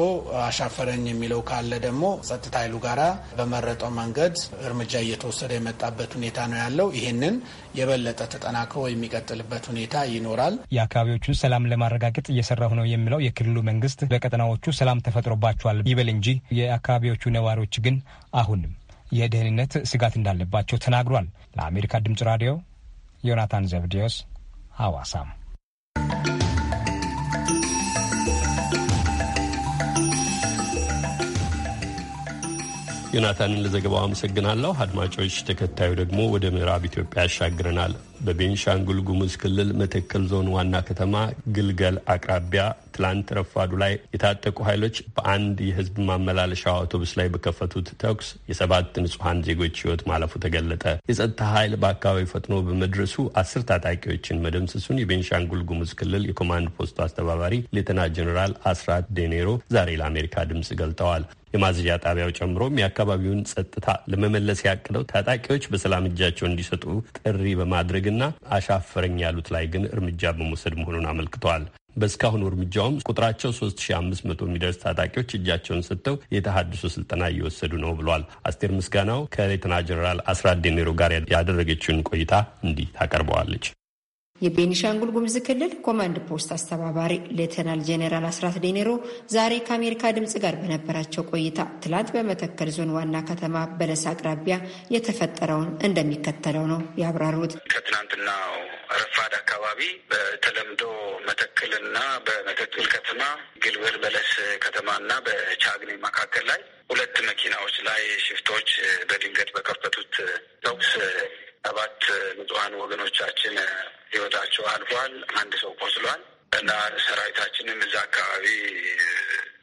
S9: አሻፈረኝ የሚለው ካለ ደግሞ ጸጥታ ኃይሉ ጋራ በመረጠው መንገድ እርምጃ እየተወሰደ የመጣበት ሁኔታ ነው ያለው። ይህንን የበለጠ ተጠናክሮ የሚቀጥልበት ሁኔታ ይኖራል።
S8: የአካባቢዎቹን ሰላም ለማረጋገጥ እየሰራሁ ነው የሚለው የክልሉ መንግስት በቀጠናዎቹ ሰላም ተፈጥሮባቸዋል ይበል እንጂ የአካባቢዎቹ ነዋሪዎች ግን አሁንም የደህንነት ስጋት እንዳለባቸው ተናግሯል። ለአሜሪካ ድምጽ ራዲዮ ዮናታን ዘብዲዮስ ሐዋሳም
S1: ዮናታንን ለዘገባው አመሰግናለሁ። አድማጮች፣ ተከታዩ ደግሞ ወደ ምዕራብ ኢትዮጵያ ያሻግረናል። በቤንሻንጉል ጉሙዝ ክልል መተከል ዞን ዋና ከተማ ግልገል አቅራቢያ ትላንት ረፋዱ ላይ የታጠቁ ኃይሎች በአንድ የህዝብ ማመላለሻ አውቶቡስ ላይ በከፈቱት ተኩስ የሰባት ንጹሐን ዜጎች ህይወት ማለፉ ተገለጠ። የጸጥታ ኃይል በአካባቢው ፈጥኖ በመድረሱ አስር ታጣቂዎችን መደምሰሱን የቤንሻንጉል ጉሙዝ ክልል የኮማንድ ፖስቱ አስተባባሪ ሌተና ጀኔራል አስራት ዴኔሮ ዛሬ ለአሜሪካ ድምጽ ገልጠዋል። የማዝዣ ጣቢያው ጨምሮም የአካባቢውን ጸጥታ ለመመለስ ያቅደው ታጣቂዎች በሰላም እጃቸው እንዲሰጡ ጥሪ በማድረግና አሻፈረኝ ያሉት ላይ ግን እርምጃ በመውሰድ መሆኑን አመልክተዋል። በእስካሁኑ እርምጃውም ቁጥራቸው 3500 የሚደርስ ታጣቂዎች እጃቸውን ሰጥተው የተሃድሶ ስልጠና እየወሰዱ ነው ብሏል። አስቴር ምስጋናው ከሌተና ጀነራል አስራት ጋር ያደረገችውን ቆይታ እንዲህ ታቀርበዋለች።
S11: የቤኒሻንጉል ጉምዝ ክልል ኮማንድ ፖስት አስተባባሪ ሌተናል ጄኔራል አስራት ዴኔሮ ዛሬ ከአሜሪካ ድምፅ ጋር በነበራቸው ቆይታ ትላንት በመተከል ዞን ዋና ከተማ በለስ አቅራቢያ የተፈጠረውን እንደሚከተለው ነው ያብራሩት። ከትናንትና ረፋድ አካባቢ በተለምዶ
S10: መተክልና በመተክል ከተማ ግልበል በለስ ከተማና በቻግኔ መካከል ላይ ሁለት መኪናዎች ላይ ሽፍቶች በድንገት በከፈቱት ተኩስ ሰባት ንጹሐን ወገኖቻችን ህይወታቸው አልፏል። አንድ ሰው ቆስሏል እና ሰራዊታችንም እዛ አካባቢ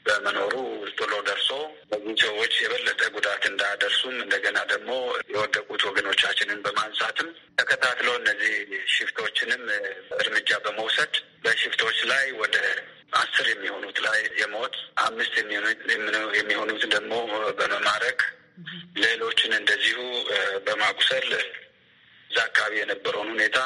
S10: በመኖሩ ጥሎ ደርሶ በዚህ ሰዎች የበለጠ ጉዳት እንዳደርሱም እንደገና ደግሞ የወደቁት ወገኖቻችንን በማንሳትም ተከታትሎ እነዚህ ሽፍቶችንም እርምጃ በመውሰድ በሽፍቶች ላይ ወደ አስር የሚሆኑት ላይ የሞት አምስት የሚሆኑት ደግሞ በመማረክ ሌሎችን እንደዚሁ በማቁሰል እዛ አካባቢ የነበረውን ሁኔታ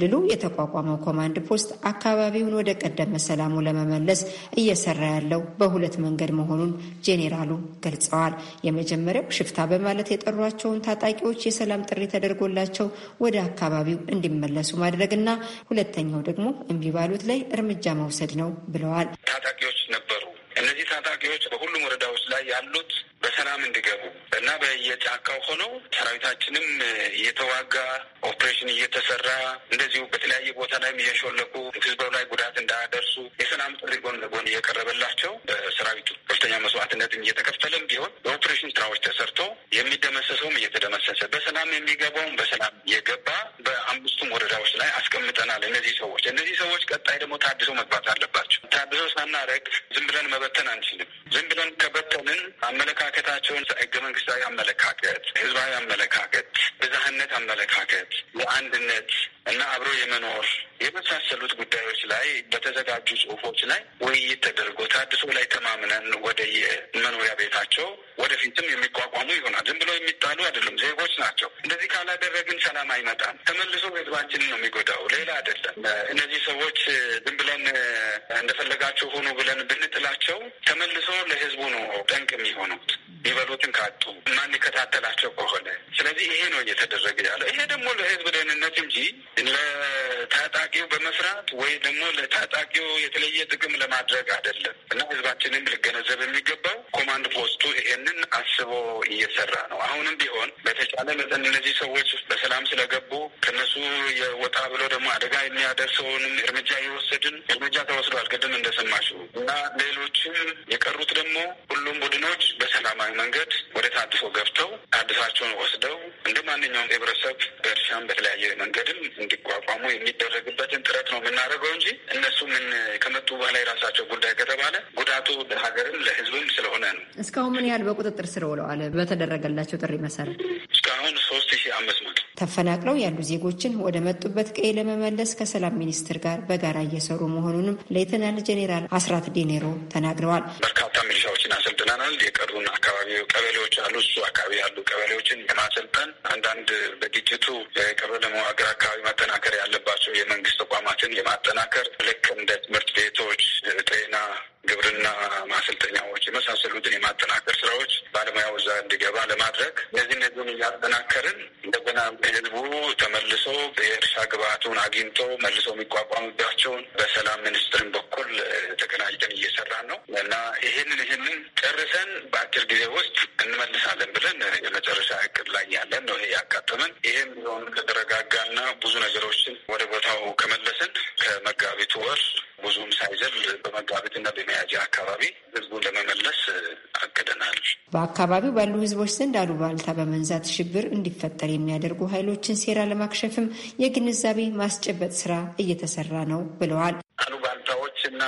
S11: በክልሉ የተቋቋመው ኮማንድ ፖስት አካባቢውን ወደ ቀደመ ሰላሙ ለመመለስ እየሰራ ያለው በሁለት መንገድ መሆኑን ጄኔራሉ ገልጸዋል። የመጀመሪያው ሽፍታ በማለት የጠሯቸውን ታጣቂዎች የሰላም ጥሪ ተደርጎላቸው ወደ አካባቢው እንዲመለሱ ማድረግና ሁለተኛው ደግሞ እምቢ ባሉት ላይ እርምጃ መውሰድ ነው ብለዋል። ታጣቂዎች ነበሩ እነዚህ ታጣቂዎች
S10: በሁሉም ወረዳዎች ላይ ያሉት በሰላም እንዲገቡ እና በየጫካው ሆነው ሰራዊታችንም እየተዋጋ ኦፕሬሽን እየተሰራ እንደዚሁ በተለያየ ቦታ ላይም እየሾለኩ ህዝበው ላይ ጉዳት እንዳያደርሱ የሰላም ጥሪ ጎን ለጎን እየቀረበላቸው በሰራዊት ከፍተኛ መስዋዕትነትን እየተከፈለም ቢሆን በኦፕሬሽን ስራዎች ተሰርቶ የሚደመሰሰውም እየተደመሰሰ በሰላም የሚገባውም በሰላም የገባ በአምስቱም ወረዳዎች ላይ አስቀምጠናል። እነዚህ ሰዎች እነዚህ ሰዎች ቀጣይ ደግሞ ታድሰው መግባት አለባቸው። ታድሶ ሳናረግ ዝም ብለን መበተን አንችልም። ዝም ብለን ከበተንን አመለካከታቸውን ህገ መንግስታዊ አመለካከት፣ ህዝባዊ አመለካከት፣ ብዝሃነት አመለካከት፣ የአንድነት እና አብሮ የመኖር የመሳሰሉት ጉዳዮች ላይ በተዘጋጁ ጽሁፎች ላይ ውይይት ተደርጎ ታድሶ ላይ ተማምነን ወደ የመኖሪያ ቤታቸው ወደፊትም የሚቋቋሙ ይሆናል። ዝም ብሎ የሚጣሉ አይደሉም፣ ዜጎች ናቸው። እንደዚህ ካላደረግን ሰላም አይመጣም። ተመልሶ ህዝባችንን ነው የሚጎዳው፣ ሌላ አይደለም። እነዚህ ሰዎች ዝም ብለን እንደፈለጋቸው ሆኖ ብለን ብንጥላቸው ተመልሶ ለህዝቡ ነው ጠንቅ የሚሆኑት የሚበሉትን ካጡ ማን ይከታተላቸው ከሆነ። ስለዚህ ይሄ ነው እየተደረገ ያለው። ይሄ ደግሞ ለህዝብ ደህንነት እንጂ ለታጣቂው በመስራት ወይ ደግሞ ለታጣቂው የተለየ ጥቅም ለማድረግ አይደለም እና ህዝባችንም ልገነዘብ የሚገባው ኮማንድ ፖስቱ ይሄንን አስቦ እየሰራ ነው። አሁንም ቢሆን በተቻለ መጠን እነዚህ ሰዎች በሰላም ስለገቡ ከነሱ የወጣ ብሎ ደግሞ አደጋ የሚያደርሰውንም እርምጃ እየወሰድን እርምጃ ተወስዷል።
S12: ቅድም እንደሰማችሁ እና ሌሎችም የቀሩት ደግሞ ሁሉም ቡድኖች በሰላማዊ
S10: መንገድ ወደ ታድፎ ገብተው ታድሳቸውን ወስደው እንደ ማንኛውም ህብረተሰብ በእርሻም በተለያየ መንገድም እንዲቋቋሙ የሚደረግበትን ጥረት ነው የምናደርገው እንጂ እነሱ ምን ከመጡ በኋላ የራሳቸው ጉዳይ ከተባለ ጉዳቱ ለሀገርም ለሕዝብም ስለሆነ ነው።
S11: እስካሁን ምን ያህል በቁጥጥር ስር ውለዋል? በተደረገላቸው ጥሪ መሰረት
S12: እስካሁን ሶስት ሺ አምስት መቶ
S11: ተፈናቅለው ያሉ ዜጎችን ወደ መጡበት ቀይ ለመመለስ ከሰላም ሚኒስትር ጋር በጋራ እየሰሩ መሆኑንም ሌተናል ጄኔራል አስራት ዴኔሮ ተናግረዋል። በርካታ ሚሊሻዎችን አሰልጥናናል። የቀሩን አካባቢ ቀበሌዎች አሉ። እሱ
S10: አካባቢ ያሉ ቀበሌዎችን ለማሰልጠን አንዳንድ በግጭቱ የቀበሌ መዋቅር አካባቢ መጠናከር ያለባቸው የመንግስት ተቋማትን የማጠናከር ልክ እንደ ትምህርት ቤቶች፣ ጤና ግብርና ማሰልጠኛዎች የመሳሰሉትን የማጠናከር ስራዎች ባለሙያው እዛ እንዲገባ ለማድረግ እነዚህ እነዚህን እያጠናከርን እንደገና ህዝቡ ተመልሶ የእርሻ ግብአቱን አግኝቶ መልሶ የሚቋቋምባቸውን በሰላም ሚኒስትርን በኩል ተቀናጅተን እየሰራ ነው እና ይህንን ይህንን ጨርሰን በአጭር ጊዜ ውስጥ እንመልሳለን ብለን የመጨረሻ እቅድ ላይ ያለን ነው። ይሄ ያጋጠመን ይህም ቢሆን ከተረጋጋና ብዙ ነገሮችን ወደ ቦታው ከመለስን ከመጋቢቱ ወር ብዙም
S11: ሳይዘል በመጋቢትና በሚያ ሚያዝያ አካባቢ ህዝቡን ለመመለስ አቅደናል። በአካባቢው ባሉ ህዝቦች ዘንድ አሉባልታ በመንዛት ሽብር እንዲፈጠር የሚያደርጉ ኃይሎችን ሴራ ለማክሸፍም የግንዛቤ ማስጨበጥ ስራ እየተሰራ ነው ብለዋል። አሉባልታዎች እና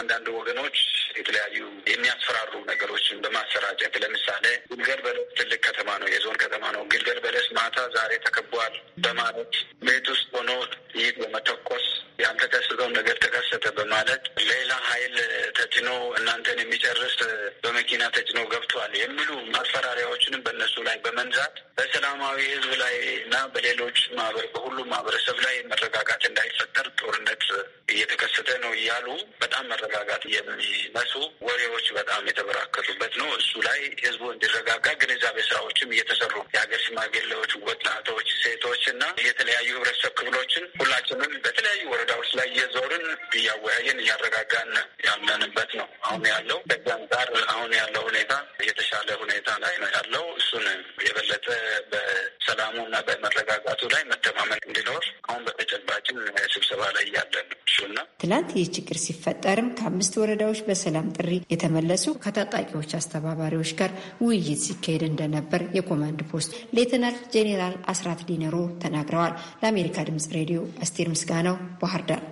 S11: አንዳንድ ወገኖች
S10: የተለያዩ የሚያስፈራሩ ነገሮችን በማሰራጨት ለምሳሌ ግልገል በለስ ትልቅ ከተማ ነው፣ የዞን ከተማ ነው። ግልገል በለስ ማታ ዛሬ ተከቧል በማለት ቤት ውስጥ ሆኖ ይህ በመተኮስ ያልተከሰተውን ነገር ተከሰተ በማለት ሌላ ኃይል ተጭኖ እናንተን የሚጨርስ በመኪና ተጭኖ ገብቷል የሚሉ ማስፈራሪያዎችንም በእነሱ ላይ በመንዛት በሰላማዊ ሕዝብ ላይ እና በሌሎች ማህበር በሁሉም ማህበረሰብ ላይ መረጋጋት እንዳይፈጠር ጦርነት እየተከሰተ ነው እያሉ
S12: በጣም መረጋጋት የሚመስ የሚነሱ ወሬዎች በጣም የተበራከቱበት ነው። እሱ ላይ ህዝቡ
S10: እንዲረጋጋ ግንዛቤ ስራዎችም እየተሰሩ የሀገር ሽማግሌዎች፣ ወጣቶች፣ ሴቶች እና የተለያዩ ህብረተሰብ ክፍሎችን ሁላችንም በተለያዩ ወረዳዎች ላይ እየዞርን እያወያየን እያረጋጋን ያለንበት ነው አሁን ያለው። ከዚህ አሁን ያለው ሁኔታ የተሻለ ሁኔታ ላይ ነው ያለው። እሱን የበለጠ በሰላሙ እና በመረጋጋቱ ላይ መተማመን እንዲኖር አሁን በተጨባጭም ስብሰባ ላይ እያለን
S4: እሱና ትላንት ይህ ችግር
S11: ሲፈጠርም ከአምስት ወረዳዎች በሰላም የሰላም ጥሪ የተመለሱ ከታጣቂዎች አስተባባሪዎች ጋር ውይይት ሲካሄድ እንደነበር የኮማንድ ፖስት ሌተናል ጄኔራል አስራት ሊነሮ ተናግረዋል። ለአሜሪካ ድምጽ ሬዲዮ አስቴር ምስጋናው ባህር ዳር።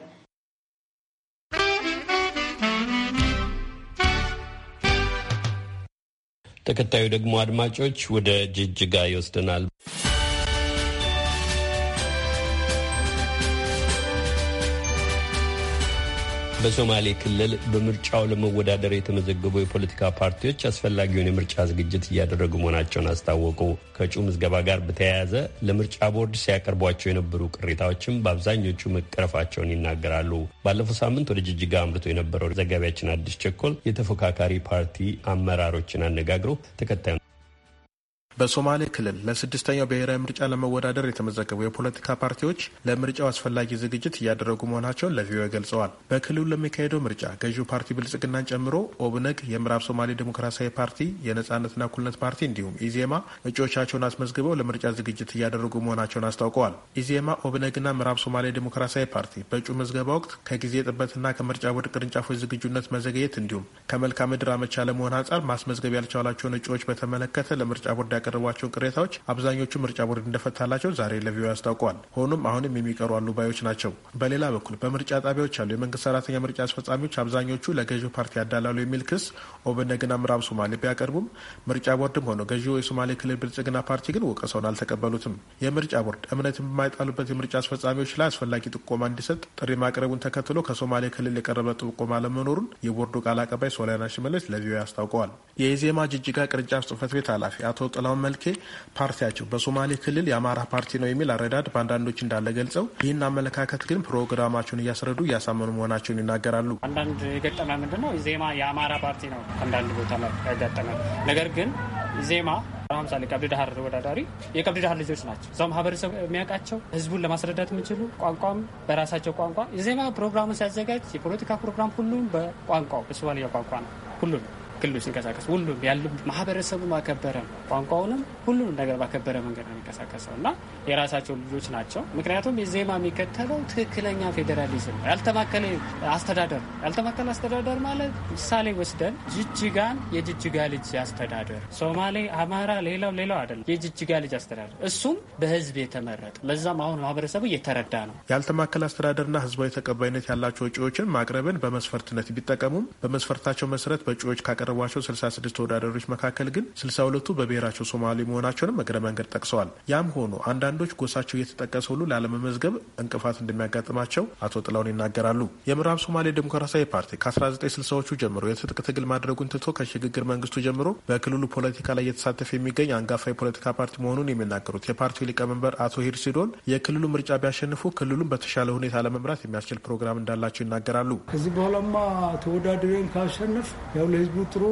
S1: ተከታዩ ደግሞ አድማጮች ወደ ጅጅጋ ይወስደናል። በሶማሌ ክልል በምርጫው ለመወዳደር የተመዘገቡ የፖለቲካ ፓርቲዎች አስፈላጊውን የምርጫ ዝግጅት እያደረጉ መሆናቸውን አስታወቁ። ከእጩ ምዝገባ ጋር በተያያዘ ለምርጫ ቦርድ ሲያቀርቧቸው የነበሩ ቅሬታዎችም በአብዛኞቹ መቀረፋቸውን ይናገራሉ። ባለፈው ሳምንት ወደ ጅጅጋ አምርቶ የነበረው ዘጋቢያችን አዲስ ቸኮል የተፎካካሪ ፓርቲ አመራሮችን አነጋግሮ
S13: ተከታዩ በሶማሌ ክልል ለስድስተኛው ብሔራዊ ምርጫ ለመወዳደር የተመዘገቡ የፖለቲካ ፓርቲዎች ለምርጫው አስፈላጊ ዝግጅት እያደረጉ መሆናቸውን ለቪኦኤ ገልጸዋል። በክልሉ ለሚካሄደው ምርጫ ገዢው ፓርቲ ብልጽግናን ጨምሮ ኦብነግ፣ የምዕራብ ሶማሌ ዴሞክራሲያዊ ፓርቲ፣ የነጻነትና እኩልነት ፓርቲ እንዲሁም ኢዜማ እጩዎቻቸውን አስመዝግበው ለምርጫ ዝግጅት እያደረጉ መሆናቸውን አስታውቀዋል። ኢዜማ፣ ኦብነግና ምዕራብ ሶማሌ ዴሞክራሲያዊ ፓርቲ በእጩ መዝገባ ወቅት ከጊዜ ጥበትና ከምርጫ ቦርድ ቅርንጫፎች ዝግጁነት መዘገየት እንዲሁም ከመልክዓ ምድር አመቺ አለመሆን አንጻር ማስመዝገብ ያልቻላቸውን እጩዎች በተመለከተ ለምርጫ ቦርድ ያቀረቧቸውን ቅሬታዎች አብዛኞቹ ምርጫ ቦርድ እንደፈታላቸው ዛሬ ለቪኦኤ አስታውቀዋል። ሆኖም አሁንም የሚቀሩ አሉባዮች ናቸው። በሌላ በኩል በምርጫ ጣቢያዎች ያሉ የመንግስት ሰራተኛ ምርጫ አስፈጻሚዎች አብዛኞቹ ለገዢው ፓርቲ ያዳላሉ የሚል ክስ ኦብነግና ምዕራብ ሶማሌ ቢያቀርቡም ምርጫ ቦርድም ሆነ ገዢው የሶማሌ ክልል ብልጽግና ፓርቲ ግን ወቀሳውን አልተቀበሉትም። የምርጫ ቦርድ እምነትን በማይጣሉበት የምርጫ አስፈጻሚዎች ላይ አስፈላጊ ጥቆማ እንዲሰጥ ጥሪ ማቅረቡን ተከትሎ ከሶማሌ ክልል የቀረበ ጥቆማ ለመኖሩን የቦርዱ ቃል አቀባይ ሶሊያና ሽመለስ ለቪኦኤ አስታውቀዋል። የኢዜማ ጅጅጋ ቅርንጫፍ ጽህፈት ቤት ኃላፊ አቶ ጥላ አሁን መልኬ ፓርቲያቸው በሶማሌ ክልል የአማራ ፓርቲ ነው የሚል አረዳድ በአንዳንዶች እንዳለ ገልጸው ይህን አመለካከት ግን ፕሮግራማቸውን እያስረዱ እያሳመኑ መሆናቸውን ይናገራሉ።
S14: አንዳንድ የገጠመ ምንድነው ዜማ የአማራ ፓርቲ ነው አንዳንድ ቦታ ያጋጠመ ነገር ግን ዜማ ለምሳሌ ቀብድ ዳህር ወዳዳሪ የቀብድ ዳህር ልጆች ናቸው። እዛው ማህበረሰብ የሚያውቃቸው ህዝቡን ለማስረዳት የሚችሉ ቋንቋም በራሳቸው ቋንቋ የዜማ ፕሮግራሙ ሲያዘጋጅ የፖለቲካ ፕሮግራም ሁሉም በቋንቋው በሶማሊያ ቋንቋ ነው ሁሉም ክልሉ ሲንቀሳቀስ ሁሉም ያሉ ማህበረሰቡ ማከበረ ቋንቋውንም ሁሉንም ነገር ባከበረ መንገድ ነው የሚንቀሳቀሰው እና የራሳቸው ልጆች ናቸው። ምክንያቱም የዜማ የሚከተለው ትክክለኛ ፌዴራሊዝም ነው፣ ያልተማከለ አስተዳደር ነው። ያልተማከለ አስተዳደር ማለት ምሳሌ ወስደን ጅጅጋን የጅጅጋ ልጅ አስተዳደር፣ ሶማሌ፣ አማራ፣ ሌላው ሌላው አይደለም የጅጅጋ ልጅ አስተዳደር፣ እሱም በህዝብ የተመረጠ ለዛም አሁን ማህበረሰቡ እየተረዳ ነው።
S13: ያልተማከለ አስተዳደርና ህዝባዊ ተቀባይነት ያላቸው እጩዎችን ማቅረብን በመስፈርትነት ቢጠቀሙም በመስፈርታቸው መሰረት በእጩዎች ካቀ ካቀረቧቸው 66 ተወዳዳሪዎች መካከል ግን 62ቱ በብሔራቸው ሶማሌ መሆናቸውንም እግረ መንገድ ጠቅሰዋል። ያም ሆኖ አንዳንዶች ጎሳቸው እየተጠቀሰ ሁሉ ላለመመዝገብ እንቅፋት እንደሚያጋጥማቸው አቶ ጥላውን ይናገራሉ። የምዕራብ ሶማሌ ዴሞክራሲያዊ ፓርቲ ከ1960ዎቹ ጀምሮ የትጥቅ ትግል ማድረጉን ትቶ ከሽግግር መንግስቱ ጀምሮ በክልሉ ፖለቲካ ላይ እየተሳተፈ የሚገኝ አንጋፋ የፖለቲካ ፓርቲ መሆኑን የሚናገሩት የፓርቲው ሊቀመንበር አቶ ሂር ሲዶን የክልሉ ምርጫ ቢያሸንፉ ክልሉን በተሻለ ሁኔታ ለመምራት የሚያስችል ፕሮግራም እንዳላቸው ይናገራሉ። ከዚህ በኋላማ
S15: ተወዳድሬን ካሸንፍ ያው ለህዝቡ ጥሩ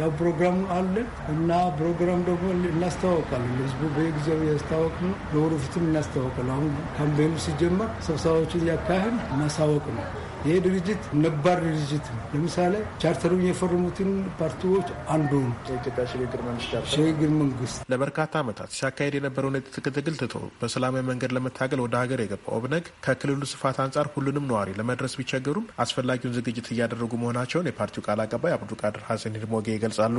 S15: ያው ፕሮግራም አለ እና ፕሮግራም ደግሞ እናስተዋወቃለን። ህዝቡ በየጊዜው ያስታወቅ ነው። ለወደፊትም እናስተዋወቃለን። አሁን ካምፔኑ ሲጀመር ስብሰባዎችን እያካሄድ ማሳወቅ ነው። ይሄ ድርጅት ነባር ድርጅት ነው። ለምሳሌ ቻርተሩን የፈረሙትን ፓርቲዎች አንዱ ነው
S13: ሽግግር መንግስት። ለበርካታ ዓመታት ሲያካሄድ የነበረውን የትጥቅ ትግል ትቶ በሰላማዊ መንገድ ለመታገል ወደ ሀገር የገባው ኦብነግ ከክልሉ ስፋት አንጻር ሁሉንም ነዋሪ ለመድረስ ቢቸገሩም አስፈላጊውን ዝግጅት እያደረጉ መሆናቸውን የፓርቲው ቃል አቀባይ አብዱቃድር ሀሰን ሂድሞጌ ይገልጻሉ።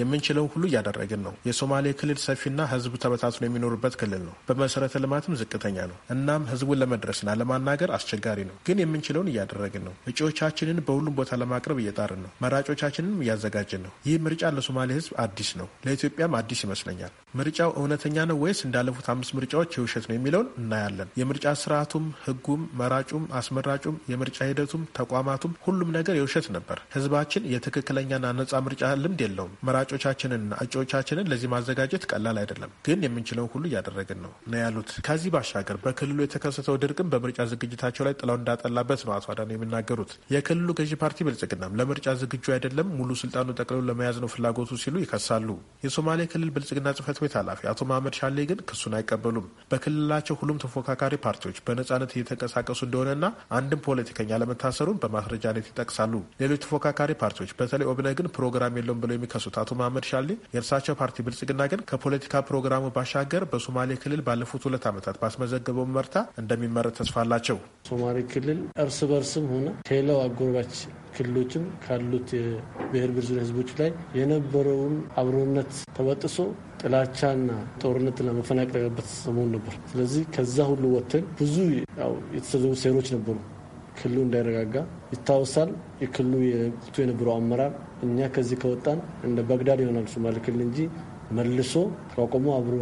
S13: የምንችለው ሁሉ እያደረግን ነው። የሶማሌ ክልል ሰፊና ህዝቡ ተበታትኖ የሚኖርበት ክልል ነው። በመሰረተ ልማትም ዝቅተኛ ነው። እናም ህዝቡን ለመድረስና ለማናገር አስቸጋሪ ነው። ግን የምንችለውን እያደረግን ነው። እጩዎቻችንን በሁሉም ቦታ ለማቅረብ እየጣርን ነው። መራጮቻችንንም እያዘጋጅን ነው። ይህ ምርጫ ለሶማሌ ህዝብ አዲስ ነው፣ ለኢትዮጵያም አዲስ ይመስለኛል። ምርጫው እውነተኛ ነው ወይስ እንዳለፉት አምስት ምርጫዎች የውሸት ነው የሚለውን እናያለን። የምርጫ ስርዓቱም፣ ህጉም፣ መራጩም፣ አስመራጩም፣ የምርጫ ሂደቱም፣ ተቋማቱም ሁሉም ነገር የውሸት ነበር። ህዝባችን የትክክለኛና ነጻ ምርጫ ልምድ የለውም። መራጮቻችንንና እጩዎቻችንን ለዚህ ማዘጋጀት ቀላል አይደለም፣ ግን የምንችለውን ሁሉ እያደረግን ነው ነው ያሉት። ከዚህ ባሻገር በክልሉ የተከሰተው ድርቅም በምርጫ ዝግጅታቸው ላይ ጥላው እንዳጠላበት ነው አቶ አዳነ የሚናገሩት። የክልሉ ገዢ ፓርቲ ብልጽግናም ለምርጫ ዝግጁ አይደለም፣ ሙሉ ስልጣኑ ጠቅልሎ ለመያዝ ነው ፍላጎቱ ሲሉ ይከሳሉ። የሶማሌ ክልል ብልጽግና ጽህፈት ቤት ኃላፊ አቶ መሀመድ ሻሌ ግን ክሱን አይቀበሉም። በክልላቸው ሁሉም ተፎካካሪ ፓርቲዎች በነጻነት እየተንቀሳቀሱ እንደሆነና አንድም ፖለቲከኛ ለመታሰሩን በማስረጃነት ይጠቅሳሉ። ሌሎች ተፎካካሪ ፓርቲዎች በተለይ ኦብነግን ፕሮግራም የለውም ብለው የሚከሱት አቶ መሀመድ ሻሌ የእርሳቸው ፓርቲ ብልጽግና ግን ከፖለቲካ ፕሮግራሙ ባሻገር በሶማሌ ክልል ባለፉት ሁለት ዓመታት ባስመዘገበው መርታ እንደሚመረጥ ተስፋ አላቸው። ሶማሌ ክልል እርስ በርስም ሆነ ሌላው አጎርባች
S7: ክልሎችም ካሉት የብሔር ብሔር ህዝቦች ላይ የነበረውን አብሮነት ተበጥሶ ጥላቻና ጦርነት ለመፈናቀል ያለበት ሰሞን ነበር። ስለዚህ ከዛ ሁሉ ወጥተን ብዙ የተሰዘቡ ሴሮች ነበሩ። ክልሉ እንዳይረጋጋ ይታወሳል። የክልሉ የወቅቱ የነበረው አመራር እኛ ከዚህ ከወጣን እንደ ባግዳድ ይሆናል ሶማሌ ክልል እንጂ መልሶ ተቋቁሞ አብሮ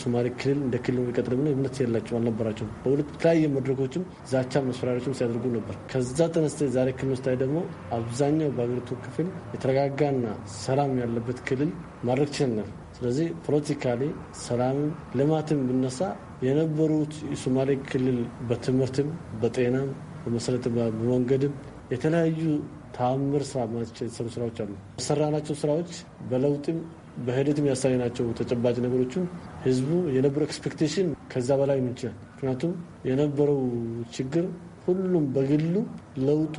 S7: ሶማሌ ክልል እንደ ክልል የሚቀጥል ብሎ እምነት የላቸው አልነበራቸው። በሁለት መድረኮችም ዛቻ መስፈራሪዎችም ሲያደርጉ ነበር። ከዛ ተነስተ ዛሬ ክልል ስታይ ደግሞ አብዛኛው በሀገሪቱ ክፍል የተረጋጋና ሰላም ያለበት ክልል ማድረግ ችለናል። ስለዚህ ፖለቲካሊ ሰላምም ልማትም ብነሳ የነበሩት የሶማሌ ክልል በትምህርትም በጤናም በመሰረተ በመንገድም የተለያዩ ተአምር ስራ የተሰሩ ስራዎች አሉ። ሰራናቸው ስራዎች በለውጥም በሂደትም ናቸው ተጨባጭ ነገሮችን ህዝቡ የነበረው ኤክስፔክቴሽን ከዛ በላይ ምንችላል። ምክንያቱም የነበረው ችግር ሁሉም በግሉ ለውጡ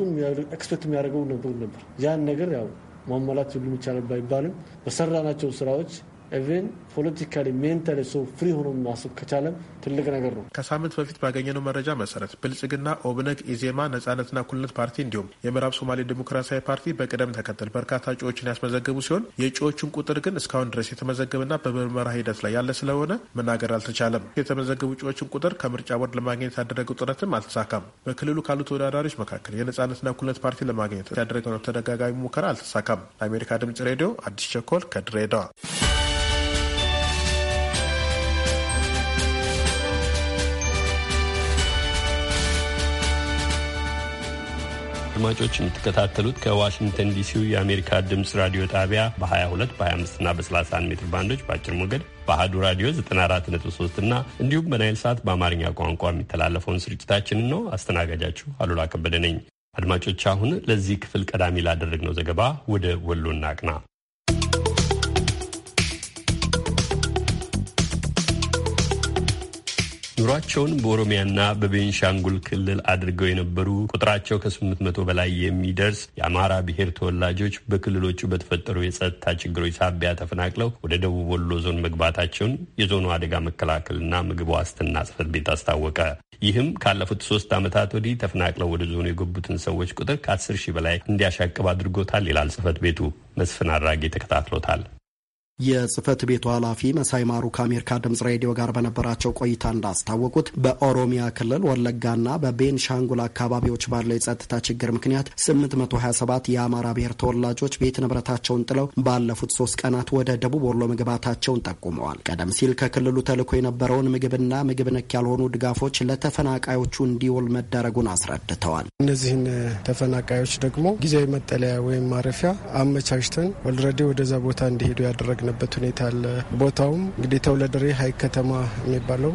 S7: ኤክስፔክት የሚያደርገው ነበሩ ነበር ያን ነገር ያው ማሟላት ሁሉም ይቻላል ባይባልም በሰራናቸው ስራዎች ኢቨን ፖለቲካሊ ሜንታሊ ሰው ፍሪ ሆኖ ማሰብ ከቻለም ትልቅ ነገር ነው።
S13: ከሳምንት በፊት ባገኘነው መረጃ መሰረት ብልጽግና፣ ኦብነግ፣ ኢዜማ፣ ነጻነትና እኩልነት ፓርቲ እንዲሁም የምዕራብ ሶማሌ ዲሞክራሲያዊ ፓርቲ በቅደም ተከተል በርካታ እጩዎችን ያስመዘገቡ ሲሆን የእጩዎቹን ቁጥር ግን እስካሁን ድረስ የተመዘገበና በምርመራ ሂደት ላይ ያለ ስለሆነ መናገር አልተቻለም። የተመዘገቡ እጩዎችን ቁጥር ከምርጫ ቦርድ ለማግኘት ያደረገው ጥረትም አልተሳካም። በክልሉ ካሉ ተወዳዳሪዎች መካከል የነጻነትና እኩልነት ፓርቲ ለማግኘት ያደረገው ተደጋጋሚ ሙከራ አልተሳካም። ለአሜሪካ ድምጽ ሬዲዮ አዲስ ቸኮል ከድሬዳዋ
S1: አድማጮች የምትከታተሉት ከዋሽንግተን ዲሲው የአሜሪካ ድምፅ ራዲዮ ጣቢያ በ22 በ25ና በ31 ሜትር ባንዶች በአጭር ሞገድ በአህዱ ራዲዮ 943 እና እንዲሁም በናይል ሰዓት በአማርኛ ቋንቋ የሚተላለፈውን ስርጭታችንን ነው። አስተናጋጃችሁ አሉላ ከበደ ነኝ። አድማጮች አሁን ለዚህ ክፍል ቀዳሚ ላደረግነው ዘገባ ወደ ወሎ እናቅና። ኑሯቸውን በኦሮሚያና በቤንሻንጉል ክልል አድርገው የነበሩ ቁጥራቸው ከስምንት መቶ በላይ የሚደርስ የአማራ ብሔር ተወላጆች በክልሎቹ በተፈጠሩ የጸጥታ ችግሮች ሳቢያ ተፈናቅለው ወደ ደቡብ ወሎ ዞን መግባታቸውን የዞኑ አደጋ መከላከልና ምግብ ዋስትና ጽሕፈት ቤት አስታወቀ። ይህም ካለፉት ሶስት ዓመታት ወዲህ ተፈናቅለው ወደ ዞኑ የገቡትን ሰዎች ቁጥር ከአስር ሺህ በላይ እንዲያሻቅብ አድርጎታል ይላል ጽሕፈት ቤቱ። መስፍን አድራጌ ተከታትሎታል።
S14: የጽህፈት ቤቱ ኃላፊ መሳይ ማሩ ከአሜሪካ ድምጽ ሬዲዮ ጋር በነበራቸው ቆይታ እንዳስታወቁት በኦሮሚያ ክልል ወለጋና በቤንሻንጉል አካባቢዎች ባለው የጸጥታ ችግር ምክንያት 827 የአማራ ብሔር ተወላጆች ቤት ንብረታቸውን ጥለው ባለፉት ሶስት ቀናት ወደ ደቡብ ወሎ መግባታቸውን ጠቁመዋል። ቀደም ሲል ከክልሉ ተልኮ የነበረውን ምግብና ምግብ ነክ ያልሆኑ ድጋፎች ለተፈናቃዮቹ እንዲውል መደረጉን አስረድተዋል።
S15: እነዚህን ተፈናቃዮች ደግሞ ጊዜያዊ መጠለያ ወይም ማረፊያ አመቻችተን ኦልሬዲ ወደዛ ቦታ እንዲሄዱ ያደረግ ያደረግንበት ሁኔታ አለ። ቦታውም እንግዲህ ተውለደሬ ሀይቅ ከተማ የሚባለው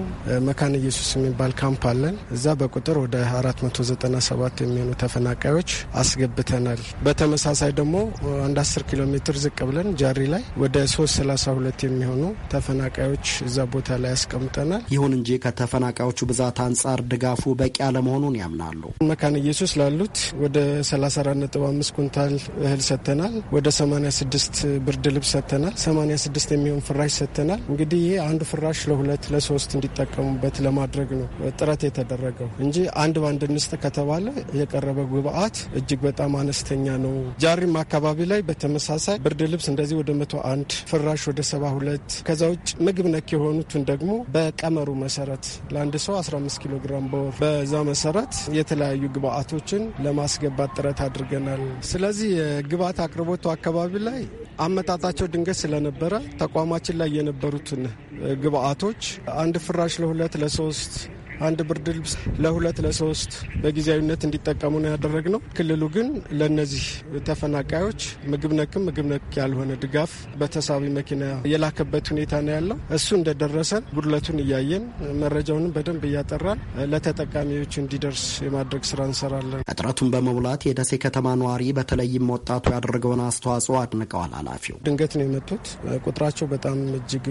S15: መካነ ኢየሱስ የሚባል ካምፕ አለን። እዛ በቁጥር ወደ 497 የሚሆኑ ተፈናቃዮች አስገብተናል። በተመሳሳይ ደግሞ አንድ 10 ኪሎ ሜትር ዝቅ ብለን ጃሪ ላይ ወደ 332 የሚሆኑ ተፈናቃዮች እዛ ቦታ ላይ ያስቀምጠናል።
S14: ይሁን እንጂ ከተፈናቃዮቹ ብዛት አንጻር ድጋፉ በቂ አለመሆኑን ያምናሉ።
S15: መካነ ኢየሱስ ላሉት ወደ 34.5 ኩንታል እህል ሰጥተናል። ወደ 86 ብርድ ልብስ ሰጥተናል። 86 የሚሆን ፍራሽ ሰጥተናል። እንግዲህ ይህ አንዱ ፍራሽ ለሁለት ለሶስት እንዲጠቀሙበት ለማድረግ ነው ጥረት የተደረገው እንጂ አንድ ባንድ እንስጥ ከተባለ የቀረበ ግብአት እጅግ በጣም አነስተኛ ነው። ጃሪም አካባቢ ላይ በተመሳሳይ ብርድ ልብስ እንደዚህ ወደ መቶ አንድ ፍራሽ ወደ ሰባ ሁለት ከዛ ውጭ ምግብ ነክ የሆኑትን ደግሞ በቀመሩ መሰረት ለአንድ ሰው 15 ኪሎ ግራም በወር በዛ መሰረት የተለያዩ ግብአቶችን ለማስገባት ጥረት አድርገናል። ስለዚህ የግብአት አቅርቦቱ አካባቢ ላይ አመጣጣቸው ድንገት ስለነበ ነበረ። ተቋማችን ላይ የነበሩትን ግብአቶች አንድ ፍራሽ ለሁለት ለሶስት አንድ ብርድ ልብስ ለሁለት ለሶስት በጊዜያዊነት እንዲጠቀሙ ነው ያደረግነው። ክልሉ ግን ለእነዚህ ተፈናቃዮች ምግብ ነክም ምግብ ነክ ያልሆነ ድጋፍ በተሳቢ መኪና የላከበት ሁኔታ ነው ያለው። እሱ እንደደረሰን ጉድለቱን እያየን መረጃውንም በደንብ እያጠራን ለተጠቃሚዎች እንዲደርስ የማድረግ ስራ እንሰራለን።
S14: እጥረቱን በመሙላት የደሴ ከተማ ነዋሪ በተለይም ወጣቱ ያደረገውን አስተዋጽኦ አድንቀዋል ኃላፊው።
S15: ድንገት ነው የመጡት። ቁጥራቸው በጣም እጅግ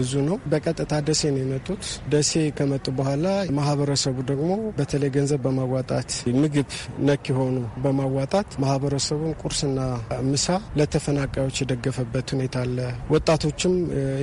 S15: ብዙ ነው። በቀጥታ ደሴ ነው የመጡት። ደሴ ከመጡ በኋላ ማህበረሰቡ ደግሞ በተለይ ገንዘብ በማዋጣት ምግብ ነክ የሆኑ በማዋጣት ማህበረሰቡን ቁርስና ምሳ ለተፈናቃዮች የደገፈበት ሁኔታ አለ። ወጣቶችም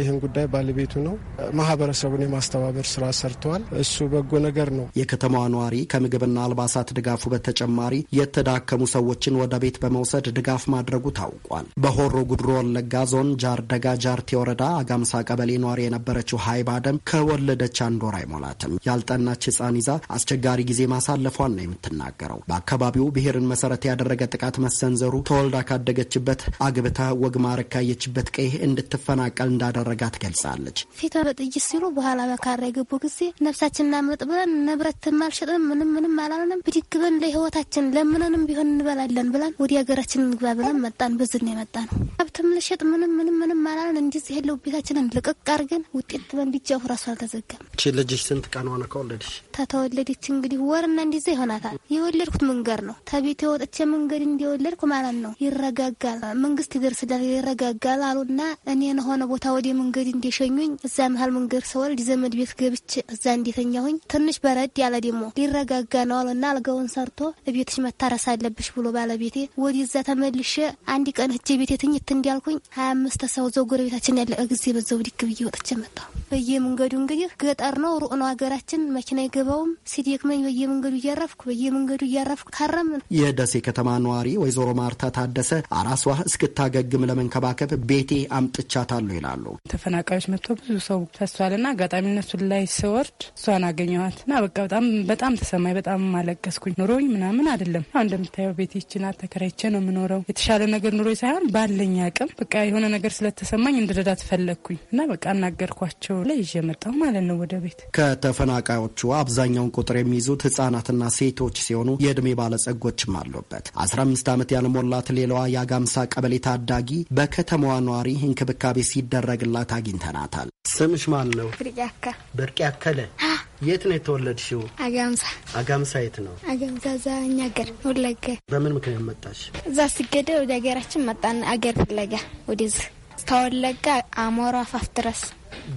S15: ይህን ጉዳይ ባለቤቱ ነው፣ ማህበረሰቡን የማስተባበር ስራ ሰርተዋል። እሱ በጎ ነገር ነው።
S14: የከተማዋ ነዋሪ ከምግብና አልባሳት ድጋፉ በተጨማሪ የተዳከሙ ሰዎችን ወደ ቤት በመውሰድ ድጋፍ ማድረጉ ታውቋል። በሆሮ ጉድሮ ወለጋ ዞን ጃርደጋ ጃርቴ ወረዳ አጋምሳ ቀበሌ ነዋሪ የነበረችው ሀይባ አደም ከወለደች አንድ ወር አይሞላትም። ያልጠናች ህፃን ይዛ አስቸጋሪ ጊዜ ማሳለፏን ነው የምትናገረው። በአካባቢው ብሔርን መሰረት ያደረገ ጥቃት መሰንዘሩ ተወልዳ ካደገችበት አግብታ ወግ ማዕረግ ካየችበት ቀይ እንድትፈናቀል እንዳደረጋ ትገልጻለች።
S12: ፊቷ በጥይት ሲሉ በኋላ በካራ የገቡ ጊዜ ነፍሳችንን ናምጥ ብለን ንብረት አልሸጥንም፣ ምንም ምንም አላለንም። ብድግ ብለን ለህይወታችን ለምነንም ቢሆን እንበላለን ብለን ወደ ሀገራችን እንግባ ብለን መጣን። በዝን የመጣ ነው ሀብትም ልሸጥ ምንም ምንም ምንም አላለን። እንደዚህ ያለው ቤታችንን ልቅቅ አድርገን ውጤት በንዲጃ ራሱ አልተዘጋም።
S14: ልጅሽ ስንት ቀን ሆነ? ከወለድሽ
S12: ተተወለደች እንግዲህ ወርና እንዲዛ ይሆናታል። የወለድኩት መንገድ ነው። ተቤት የወጥቼ መንገድ እንዲወለድኩ ማለት ነው። ይረጋጋል፣ መንግስት ይደርስላል፣ ይረጋጋል አሉና እኔን ሆነ ቦታ ወደ መንገድ እንዲሸኙኝ እዛ መሀል መንገድ ሰወልድ ዘመድ ቤት ገብቼ እዛ እንዲተኛሁኝ ትንሽ በረድ ያለ ደግሞ ሊረጋጋ ነው አሉና አልጋውን ሰርቶ እቤትሽ መታረስ አለብሽ ብሎ ባለቤቴ ወደዛ ተመልሼ አንድ ቀን ህጄ ቤቴ ትኝት እንዲያልኩኝ ሀያ አምስት ሰው ዘው ጎረቤታችን ያለ ጊዜ በዛው ሊግብ እየወጥቼ መጣሁ። በየመንገዱ እንግዲህ ገጠር ነው ሩቅ ነው ሀገራችን ግን መኪና አይገባውም። ሲደክመኝ በየመንገዱ እያረፍኩ በየመንገዱ እያረፍኩ ካረምን።
S14: የደሴ ከተማ ነዋሪ ወይዘሮ ማርታ ታደሰ አራሷ እስክታገግም ለመንከባከብ ቤቴ አምጥቻታለሁ ይላሉ።
S4: ተፈናቃዮች መጥቶ ብዙ ሰው ፈሷልና አጋጣሚ እነሱ ላይ ስወርድ እሷን አገኘኋት እና በቃ በጣም በጣም ተሰማኝ። በጣም አለቀስኩኝ። ኑሮኝ ምናምን አይደለም አሁን እንደምታየው ቤቴ ይችናት ተከራይቼ ነው የምኖረው። የተሻለ ነገር ኑሮ ሳይሆን ባለኝ አቅም በቃ የሆነ ነገር ስለተሰማኝ እንድረዳት ፈለግኩኝ እና በቃ እናገርኳቸው ላይ ይዤ መጣሁ ማለት ነው ወደ ቤት
S14: ከተፈናቃ ተፈናቃዮቹ አብዛኛውን ቁጥር የሚይዙት ህጻናትና ሴቶች ሲሆኑ የዕድሜ ባለጸጎችም አሉበት። 15 ዓመት ያልሞላት ሌላዋ የአጋምሳ ቀበሌ ታዳጊ በከተማዋ ነዋሪ እንክብካቤ ሲደረግላት አግኝተናታል። ስምሽ ማን ነው? ብርቅ ያከለ። የት ነው የተወለድሽው? አጋምሳ። አጋምሳ የት ነው?
S12: አጋምሳ እዛ እኛ አገር ወለጋ።
S14: በምን ምክንያት መጣሽ?
S12: እዛ ስገደ ወደ ሀገራችን መጣን፣ አገር ፍለጋ ወደዚህ ተወለጋ አሞራ አፋፍ ድረስ።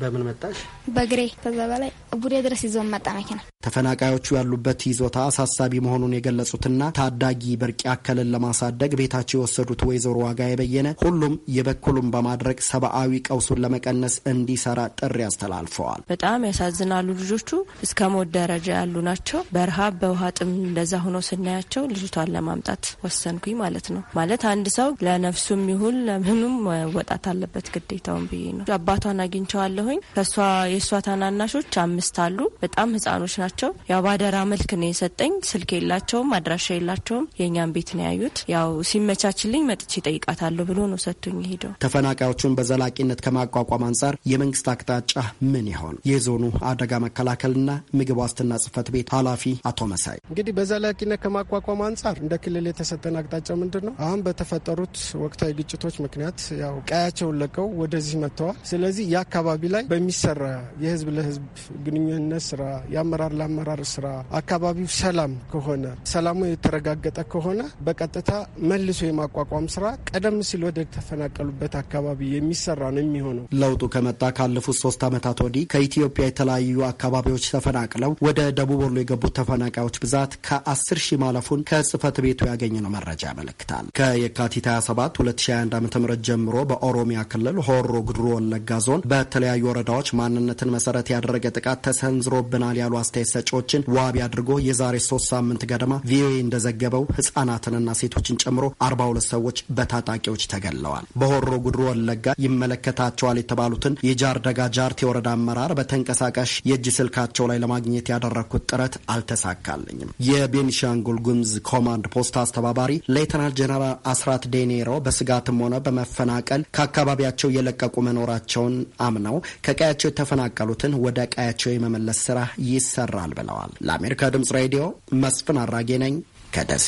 S12: በምን መጣሽ? በግሬ ከዛ በላይ ቡዴ ድረስ ይዞን መጣ መኪና።
S14: ተፈናቃዮቹ ያሉበት ይዞታ አሳሳቢ መሆኑን የገለጹትና ታዳጊ በርቂ አከልን ለማሳደግ ቤታቸው የወሰዱት ወይዘሮ ዋጋ የበየነ ሁሉም የበኩሉን በማድረግ ሰብአዊ ቀውሱን ለመቀነስ እንዲሰራ ጥሪ አስተላልፈዋል።
S2: በጣም ያሳዝናሉ። ልጆቹ እስከ ሞት ደረጃ ያሉ ናቸው። በረሃብ በውሃ ጥም እንደዛ ሆኖ ስናያቸው ልጅቷን ለማምጣት ወሰንኩኝ ማለት ነው። ማለት አንድ ሰው ለነፍሱም ይሁን ለምኑም ወጣት አለበት ግዴታውን ብዬ ነው። አባቷን አግኝቸዋለሁኝ ከእሷ የእሷ ታናናሾች አምስት አሉ። በጣም ህጻኖች ናቸው። ያው ባደራ መልክ ነው የሰጠኝ። ስልክ የላቸውም፣ አድራሻ የላቸውም። የእኛም ቤት ነው ያዩት። ያው
S4: ሲመቻችልኝ መጥቼ ጠይቃታለሁ ብሎ ነው ሰጥቶኝ ሄደው።
S14: ተፈናቃዮቹን በዘላቂነት ከማቋቋም አንጻር የመንግስት አቅጣጫ ምን ይሆን? የዞኑ አደጋ መከላከልና ምግብ ዋስትና ጽህፈት ቤት ኃላፊ አቶ መሳይ
S15: እንግዲህ በዘላቂነት ከማቋቋም አንጻር እንደ ክልል የተሰጠን አቅጣጫ ምንድን ነው? አሁን በተፈጠሩት ወቅታዊ ግጭቶች ምክንያት ያው ቀያቸውን ለቀው ወደዚህ መጥተዋል። ስለዚህ የአካባቢ ላይ በሚሰራ የህዝብ ለህዝብ ግንኙነት ስራ፣ የአመራር ለአመራር ስራ፣ አካባቢው ሰላም ከሆነ ሰላሙ የተረጋገጠ ከሆነ በቀጥታ መልሶ የማቋቋም ስራ ቀደም ሲል ወደ ተፈናቀሉበት አካባቢ የሚሰራ ነው የሚሆነው።
S14: ለውጡ ከመጣ ካለፉት ሶስት ዓመታት ወዲህ ከኢትዮጵያ የተለያዩ አካባቢዎች ተፈናቅለው ወደ ደቡብ ወሎ የገቡት ተፈናቃዮች ብዛት ከአስር ሺህ ማለፉን ከጽህፈት ቤቱ ያገኘነው መረጃ ያመለክታል። ከየካቲት 27 2021 ዓ ም ጀምሮ በኦሮሚያ ክልል ሆሮ ጉድሮ ወለጋ ዞን በተለያዩ ወረዳዎች ማንነት ነጻነትን መሰረት ያደረገ ጥቃት ተሰንዝሮብናል ያሉ አስተያየት ሰጪዎችን ዋቢ አድርጎ የዛሬ ሶስት ሳምንት ገደማ ቪኦኤ እንደዘገበው ህጻናትንና ሴቶችን ጨምሮ አርባ ሁለት ሰዎች በታጣቂዎች ተገለዋል። በሆሮ ጉድሮ ወለጋ ይመለከታቸዋል የተባሉትን የጃርደጋ ጃርቴ ወረዳ አመራር በተንቀሳቃሽ የእጅ ስልካቸው ላይ ለማግኘት ያደረግኩት ጥረት አልተሳካልኝም። የቤኒሻንጉል ጉምዝ ኮማንድ ፖስት አስተባባሪ ሌተናል ጀነራል አስራት ዴኔሮ በስጋትም ሆነ በመፈናቀል ከአካባቢያቸው የለቀቁ መኖራቸውን አምነው ከቀያቸው የተፈና የተፈናቀሉትን ወደ ቀያቸው የመመለስ ስራ ይሰራል ብለዋል። ለአሜሪካ ድምጽ ሬዲዮ መስፍን አራጌ ነኝ
S1: ከደሴ።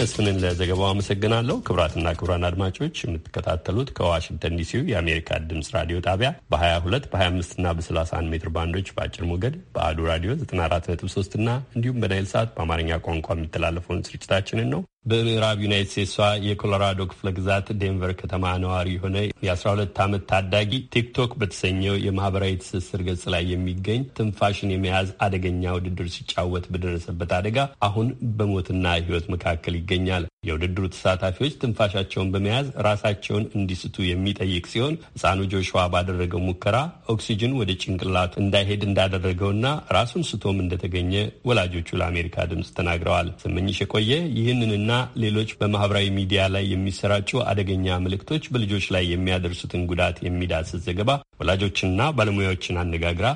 S1: መስፍንን ለዘገባው አመሰግናለሁ። ክብራትና ክብራን አድማጮች የምትከታተሉት ከዋሽንግተን ዲሲው የአሜሪካ ድምጽ ራዲዮ ጣቢያ በ22 በ25ና በ31 ሜትር ባንዶች በአጭር ሞገድ በአዱ ራዲዮ 943 እና እንዲሁም በናይል ሰዓት በአማርኛ ቋንቋ የሚተላለፈውን ስርጭታችንን ነው። በምዕራብ ዩናይት ስቴትሷ የኮሎራዶ ክፍለ ግዛት ዴንቨር ከተማ ነዋሪ የሆነ የ12 ዓመት ታዳጊ ቲክቶክ በተሰኘው የማህበራዊ ትስስር ገጽ ላይ የሚገኝ ትንፋሽን የመያዝ አደገኛ ውድድር ሲጫወት በደረሰበት አደጋ አሁን በሞትና ሕይወት መካከል ይገኛል። የውድድሩ ተሳታፊዎች ትንፋሻቸውን በመያዝ ራሳቸውን እንዲስቱ የሚጠይቅ ሲሆን ህፃኑ ጆሹዋ ባደረገው ሙከራ ኦክሲጅን ወደ ጭንቅላቱ እንዳይሄድ እንዳደረገውና ራሱን ስቶም እንደተገኘ ወላጆቹ ለአሜሪካ ድምፅ ተናግረዋል። ስመኝሽ የቆየ ይህንንና ሌሎች በማህበራዊ ሚዲያ ላይ የሚሰራጩ አደገኛ ምልክቶች በልጆች ላይ የሚያደርሱትን ጉዳት የሚዳስስ ዘገባ ወላጆችንና ባለሙያዎችን አነጋግራ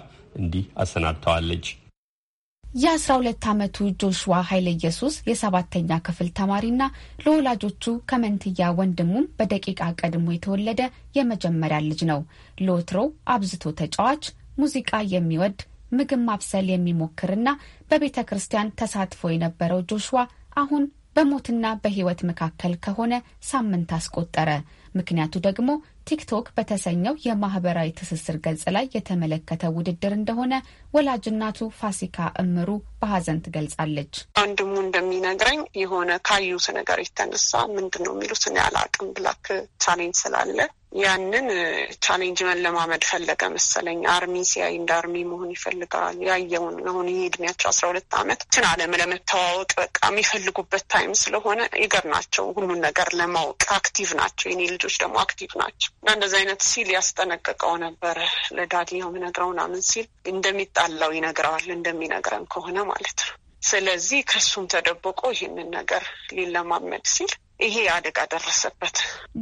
S1: እንዲህ አሰናድተዋለች።
S16: የ12 ዓመቱ ጆሹዋ ኃይለ ኢየሱስ የሰባተኛ ክፍል ተማሪና ለወላጆቹ ከመንትያ ወንድሙም በደቂቃ ቀድሞ የተወለደ የመጀመሪያ ልጅ ነው። ሎትሮ አብዝቶ ተጫዋች፣ ሙዚቃ የሚወድ ምግብ ማብሰል የሚሞክርና በቤተ ክርስቲያን ተሳትፎ የነበረው ጆሹዋ አሁን በሞትና በሕይወት መካከል ከሆነ ሳምንት አስቆጠረ። ምክንያቱ ደግሞ ቲክቶክ በተሰኘው የማህበራዊ ትስስር ገጽ ላይ የተመለከተ ውድድር እንደሆነ ወላጅናቱ ፋሲካ እምሩ በሀዘን ትገልጻለች።
S17: ወንድሙ እንደሚነግረኝ የሆነ ካዩት ነገር የተነሳ ምንድን ነው የሚሉት እኔ አላቅም ብላክ ቻሌንጅ ስላለ ያንን ቻሌንጅ መለማመድ ፈለገ መሰለኝ። አርሚ ሲያይ እንደ አርሚ መሆን ይፈልጋል። ያየውን አሁን ይህ እድሜያቸው አስራ ሁለት አመት ችን አለም ለመተዋወቅ በቃ የሚፈልጉበት ታይም ስለሆነ ይገር ናቸው። ሁሉን ነገር ለማወቅ አክቲቭ ናቸው። የኔ ልጆች ደግሞ አክቲቭ ናቸው እና እንደዚህ አይነት ሲል ያስጠነቀቀው ነበረ። ለዳዲ ነው የምነግረው ምናምን ሲል እንደሚጣላው ይነግረዋል። እንደሚነግረን ከሆነ ማለት ነው። ስለዚህ ከሱም ተደብቆ ይህንን ነገር ሊለማመድ ሲል ይሄ አደጋ ደረሰበት።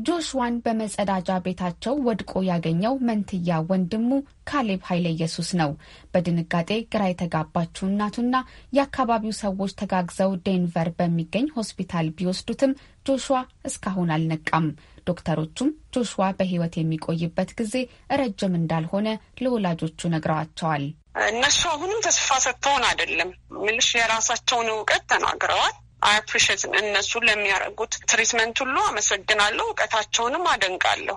S16: ጆሽዋን በመጸዳጃ ቤታቸው ወድቆ ያገኘው መንትያ ወንድሙ ካሌብ ኃይለ ኢየሱስ ነው። በድንጋጤ ግራ የተጋባችው እናቱና የአካባቢው ሰዎች ተጋግዘው ዴንቨር በሚገኝ ሆስፒታል ቢወስዱትም ጆሽዋ እስካሁን አልነቃም። ዶክተሮቹም ጆሽዋ በሕይወት የሚቆይበት ጊዜ ረጅም እንዳልሆነ ለወላጆቹ ነግረዋቸዋል።
S17: እነሱ አሁንም ተስፋ ሰጥተውን አይደለም ምልሽ የራሳቸውን እውቀት ተናግረዋል። አፕሪሽት እነሱ ለሚያደርጉት ትሪትመንት ሁሉ አመሰግናለሁ። እውቀታቸውንም አደንቃለሁ።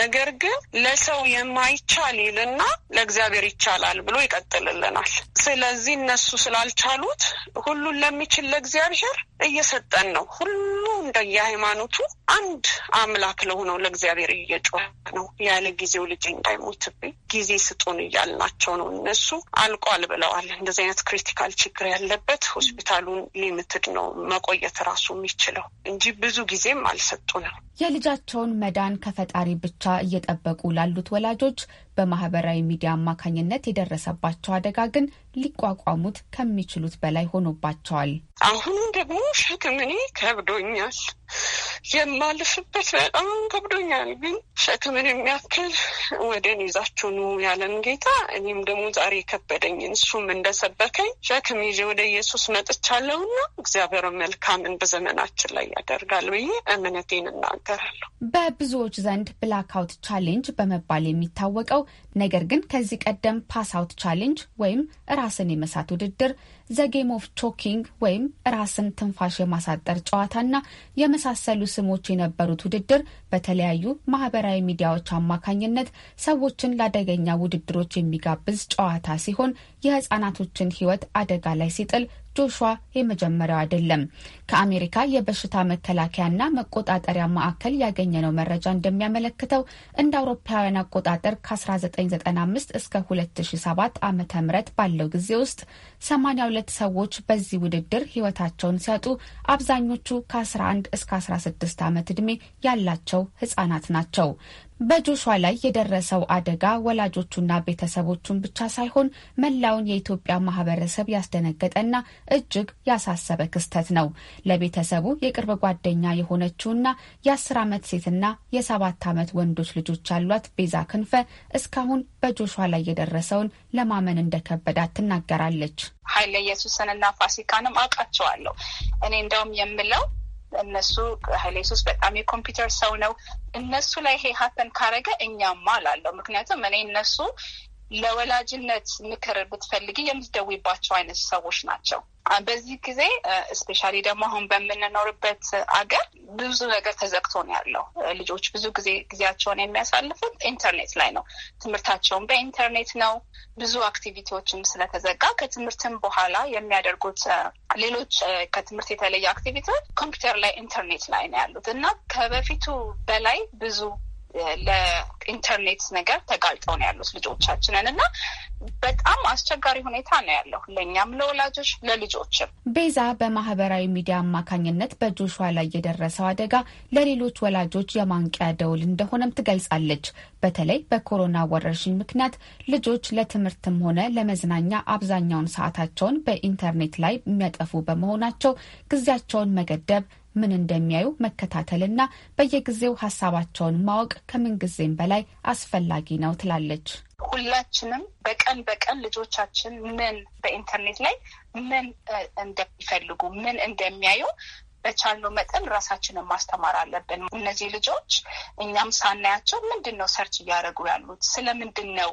S17: ነገር ግን ለሰው የማይቻል ይልና ለእግዚአብሔር ይቻላል ብሎ ይቀጥልልናል። ስለዚህ እነሱ ስላልቻሉት ሁሉን ለሚችል ለእግዚአብሔር እየሰጠን ነው። ሁሉ እንደየሃይማኖቱ አንድ አምላክ ለሆነው ለእግዚአብሔር እየጮህ ነው። ያለ ጊዜው ልጅ እንዳይሞትብኝ ጊዜ ስጡን እያልናቸው ነው። እነሱ አልቋል ብለዋል። እንደዚህ አይነት ክሪቲካል ችግር ያለበት ሆስፒታሉን ሊምትድ ነው
S16: መቆየት ራሱ የሚችለው እንጂ ብዙ ጊዜም አልሰጡ ነው። የልጃቸውን መዳን ከፈጣሪ ብቻ እየጠበቁ ላሉት ወላጆች በማህበራዊ ሚዲያ አማካኝነት የደረሰባቸው አደጋ ግን ሊቋቋሙት ከሚችሉት በላይ ሆኖባቸዋል።
S17: አሁንም ደግሞ ሸክም እኔ ከብዶኛል። የማልፍበት በጣም ከብዶኛል። ግን ሸክምን የሚያክል ወደን ይዛችሁ ኑ ያለን ጌታ እኔም ደግሞ ዛሬ የከበደኝ እሱም እንደሰበከኝ ሸክም ይዤ ወደ ኢየሱስ መጥቻለሁና እግዚአብሔር መልካምን በዘመናችን ላይ ያደርጋል ብዬ እምነቴን
S16: እናገራለሁ። በብዙዎች ዘንድ ብላክአውት ቻሌንጅ በመባል የሚታወቀው ነገር ግን ከዚህ ቀደም ፓስ አውት ቻሌንጅ ወይም ራስን የመሳት ውድድር ዘጌም ኦፍ ቶኪንግ ወይም ራስን ትንፋሽ የማሳጠር ጨዋታና የመሳሰሉ ስሞች የነበሩት ውድድር በተለያዩ ማህበራዊ ሚዲያዎች አማካኝነት ሰዎችን ለአደገኛ ውድድሮች የሚጋብዝ ጨዋታ ሲሆን የህጻናቶችን ህይወት አደጋ ላይ ሲጥል ጆሹዋ የመጀመሪያው አይደለም። ከአሜሪካ የበሽታ መከላከያና መቆጣጠሪያ ማዕከል ያገኘነው መረጃ እንደሚያመለክተው እንደ አውሮፓውያን አቆጣጠር ከ1995 እስከ 2007 ዓ ም ባለው ጊዜ ውስጥ 82 ሰዎች በዚህ ውድድር ህይወታቸውን ሲያጡ አብዛኞቹ ከ11 እስከ 16 ዓመት ዕድሜ ያላቸው ህጻናት ናቸው። በጆሿ ላይ የደረሰው አደጋ ወላጆቹና ቤተሰቦቹን ብቻ ሳይሆን መላውን የኢትዮጵያ ማህበረሰብ ያስደነገጠና እጅግ ያሳሰበ ክስተት ነው። ለቤተሰቡ የቅርብ ጓደኛ የሆነችውና የአስር ዓመት ሴትና የሰባት ዓመት ወንዶች ልጆች ያሏት ቤዛ ክንፈ እስካሁን በጆሿ ላይ የደረሰውን ለማመን እንደከበዳት ትናገራለች።
S4: ኃይለ ኢየሱስንና ፋሲካንም አውቃቸዋለሁ እኔ እንደውም የምለው እነሱ ኃይሌ ሶስት በጣም የኮምፒውተር ሰው ነው። እነሱ ላይ ይሄ ሀተን ካረገ እኛማ አላለው። ምክንያቱም እኔ እነሱ ለወላጅነት ምክር ብትፈልጊ የምትደውይባቸው አይነት ሰዎች ናቸው። በዚህ ጊዜ እስፔሻሊ ደግሞ አሁን በምንኖርበት አገር ብዙ ነገር ተዘግቶ ነው ያለው። ልጆች ብዙ ጊዜ ጊዜያቸውን የሚያሳልፉት ኢንተርኔት ላይ ነው። ትምህርታቸውን በኢንተርኔት ነው። ብዙ አክቲቪቲዎችም ስለተዘጋ ከትምህርትም በኋላ የሚያደርጉት ሌሎች ከትምህርት የተለየ አክቲቪቲዎች ኮምፒውተር ላይ ኢንተርኔት ላይ ነው ያሉት እና ከበፊቱ በላይ ብዙ ለኢንተርኔት ነገር ተጋልጠው ነው ያሉት ልጆቻችንን እና በጣም አስቸጋሪ ሁኔታ ነው ያለው ለእኛም ለወላጆች ለልጆችም።
S16: ቤዛ በማህበራዊ ሚዲያ አማካኝነት በጆሹዋ ላይ የደረሰው አደጋ ለሌሎች ወላጆች የማንቂያ ደውል እንደሆነም ትገልጻለች። በተለይ በኮሮና ወረርሽኝ ምክንያት ልጆች ለትምህርትም ሆነ ለመዝናኛ አብዛኛውን ሰዓታቸውን በኢንተርኔት ላይ የሚያጠፉ በመሆናቸው ጊዜያቸውን መገደብ ምን እንደሚያዩ መከታተልና በየጊዜው ሀሳባቸውን ማወቅ ከምንጊዜም በላይ አስፈላጊ ነው ትላለች።
S4: ሁላችንም በቀን በቀን ልጆቻችን ምን በኢንተርኔት ላይ ምን እንደሚፈልጉ ምን እንደሚያዩ በቻልነው መጠን ራሳችንን ማስተማር አለብን። እነዚህ ልጆች እኛም ሳናያቸው ምንድን ነው ሰርች እያደረጉ ያሉት ስለምንድን ነው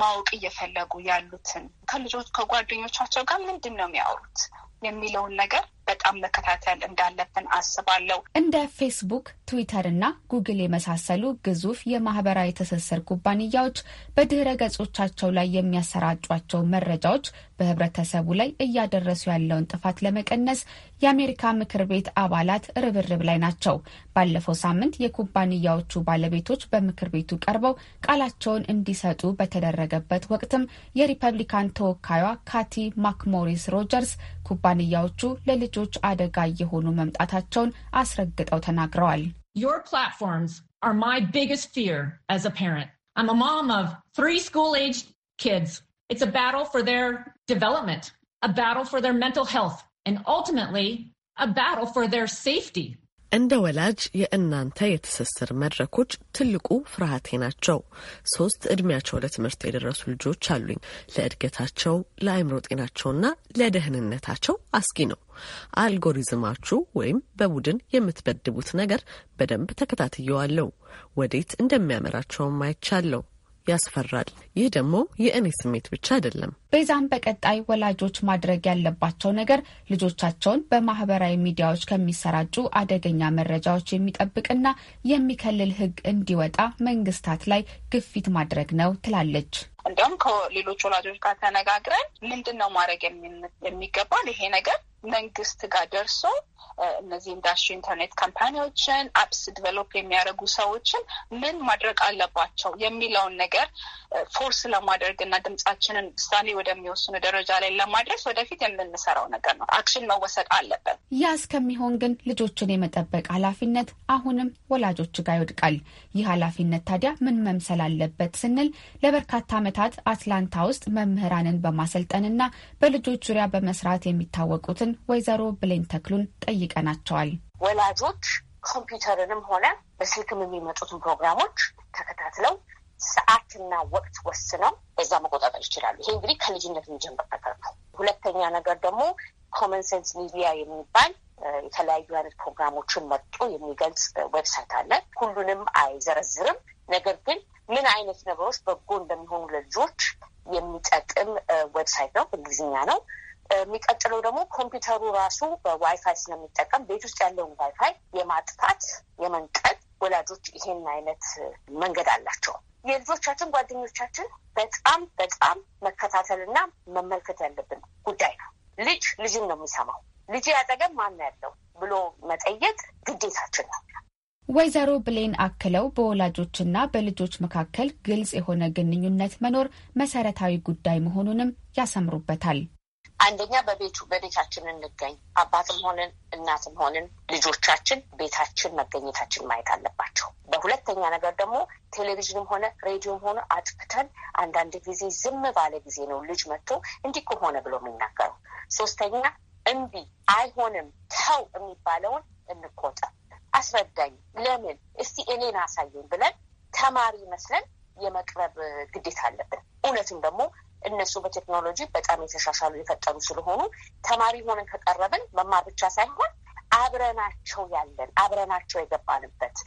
S4: ማወቅ እየፈለጉ ያሉትን ከልጆች ከጓደኞቻቸው ጋር ምንድን ነው የሚያወሩት የሚለውን ነገር በጣም መከታተል እንዳለብን አስባለሁ።
S16: እንደ ፌስቡክ፣ ትዊተር እና ጉግል የመሳሰሉ ግዙፍ የማህበራዊ ትስስር ኩባንያዎች በድህረ ገጾቻቸው ላይ የሚያሰራጯቸው መረጃዎች በህብረተሰቡ ላይ እያደረሱ ያለውን ጥፋት ለመቀነስ የአሜሪካ ምክር ቤት አባላት ርብርብ ላይ ናቸው። ባለፈው ሳምንት የኩባንያዎቹ ባለቤቶች በምክር ቤቱ ቀርበው ቃላቸውን እንዲሰጡ በተደረገበት ወቅትም የሪፐብሊካን ተወካዩ ካቲ ማክሞሪስ ሮጀርስ ኩባንያዎቹ ለልጅ ልጆች አደጋ እየሆኑ መምጣታቸውን አስረግጠው ተናግረዋል።
S17: Your platforms are my biggest fear as a parent. I'm a mom of three school-aged kids. It's a battle for their development, a battle for their mental health, and ultimately a battle for their safety. እንደ ወላጅ የእናንተ የትስስር መድረኮች ትልቁ ፍርሃቴ ናቸው። ሶስት እድሜያቸው ለትምህርት የደረሱ ልጆች አሉኝ። ለእድገታቸው፣ ለአእምሮ ጤናቸውና ለደህንነታቸው አስጊ ነው። አልጎሪዝማችሁ ወይም በቡድን የምትበድቡት ነገር በደንብ ተከታትየዋለሁ። ወዴት እንደሚያመራቸውም አይቻለሁ። ያስፈራል። ይህ ደግሞ የእኔ ስሜት ብቻ አይደለም።
S16: ቤዛም በቀጣይ ወላጆች ማድረግ ያለባቸው ነገር ልጆቻቸውን በማህበራዊ ሚዲያዎች ከሚሰራጩ አደገኛ መረጃዎች የሚጠብቅና የሚከልል ሕግ እንዲወጣ መንግስታት ላይ ግፊት ማድረግ ነው ትላለች።
S4: እንዲሁም ከሌሎች ወላጆች ጋር ተነጋግረን ምንድን ነው ማድረግ የሚገባል ይሄ ነገር መንግስት ጋር ደርሶ እነዚህ ኢንዱስትሪ ኢንተርኔት ካምፓኒዎችን አፕስ ዲቨሎፕ የሚያደርጉ ሰዎችን ምን ማድረግ አለባቸው የሚለውን ነገር ፎርስ ለማድረግ እና ድምጻችንን ውሳኔ ወደሚወስኑ ደረጃ ላይ ለማድረስ ወደፊት የምንሰራው ነገር ነው። አክሽን መወሰድ አለበት።
S16: ያ እስከሚሆን ግን ልጆችን የመጠበቅ ኃላፊነት አሁንም ወላጆች ጋር ይወድቃል። ይህ ኃላፊነት ታዲያ ምን መምሰል አለበት ስንል ለበርካታ ዓመታት አትላንታ ውስጥ መምህራንን በማሰልጠንና በልጆች ዙሪያ በመስራት የሚታወቁትን ወይዘሮ ብሌን ተክሉን ጠይቀናቸዋል።
S18: ወላጆች ኮምፒውተርንም ሆነ በስልክም የሚመጡትን ፕሮግራሞች ተከታትለው ሰዓትና ወቅት ወስነው በዛ መቆጣጠር ይችላሉ። ይሄ እንግዲህ ከልጅነት የሚጀምር ነገር ነው። ሁለተኛ ነገር ደግሞ ኮመን ሴንስ ሚዲያ የሚባል የተለያዩ አይነት ፕሮግራሞችን መርጦ የሚገልጽ ዌብሳይት አለ። ሁሉንም አይዘረዝርም። ነገር ግን ምን አይነት ነገሮች በጎ እንደሚሆኑ ለልጆች የሚጠቅም ዌብሳይት ነው። እንግሊዝኛ ነው። የሚቀጥለው ደግሞ ኮምፒውተሩ ራሱ በዋይፋይ ስለሚጠቀም ቤት ውስጥ ያለውን ዋይፋይ የማጥፋት የመንቀል ወላጆች ይሄን አይነት መንገድ አላቸው። የልጆቻችን ጓደኞቻችን በጣም በጣም መከታተልና መመልከት ያለብን ጉዳይ ነው። ልጅ ልጅን ነው የሚሰማው። ልጅ ያጠገብ ማን ያለው ብሎ መጠየቅ
S16: ግዴታችን ነው። ወይዘሮ ብሌን አክለው በወላጆችና በልጆች መካከል ግልጽ የሆነ ግንኙነት መኖር መሰረታዊ ጉዳይ መሆኑንም ያሰምሩበታል።
S18: አንደኛ በቤቱ በቤታችን እንገኝ። አባትም ሆንን እናትም ሆንን ልጆቻችን ቤታችን መገኘታችን ማየት አለባቸው። በሁለተኛ ነገር ደግሞ ቴሌቪዥንም ሆነ ሬዲዮም ሆነ አጥፍተን አንዳንድ ጊዜ ዝም ባለ ጊዜ ነው ልጅ መጥቶ እንዲህ ከሆነ ብሎ የሚናገረው። ሶስተኛ እምቢ አይሆንም ተው የሚባለውን እንቆጠር። አስረዳኝ፣ ለምን እስቲ እኔን አሳየኝ ብለን ተማሪ መስለን የመቅረብ ግዴታ አለብን። እውነትም ደግሞ እነሱ በቴክኖሎጂ በጣም የተሻሻሉ የፈጠሩ ስለሆኑ ተማሪ ሆነን ከቀረብን መማር ብቻ ሳይሆን አብረናቸው ያለን አብረናቸው የገባንበት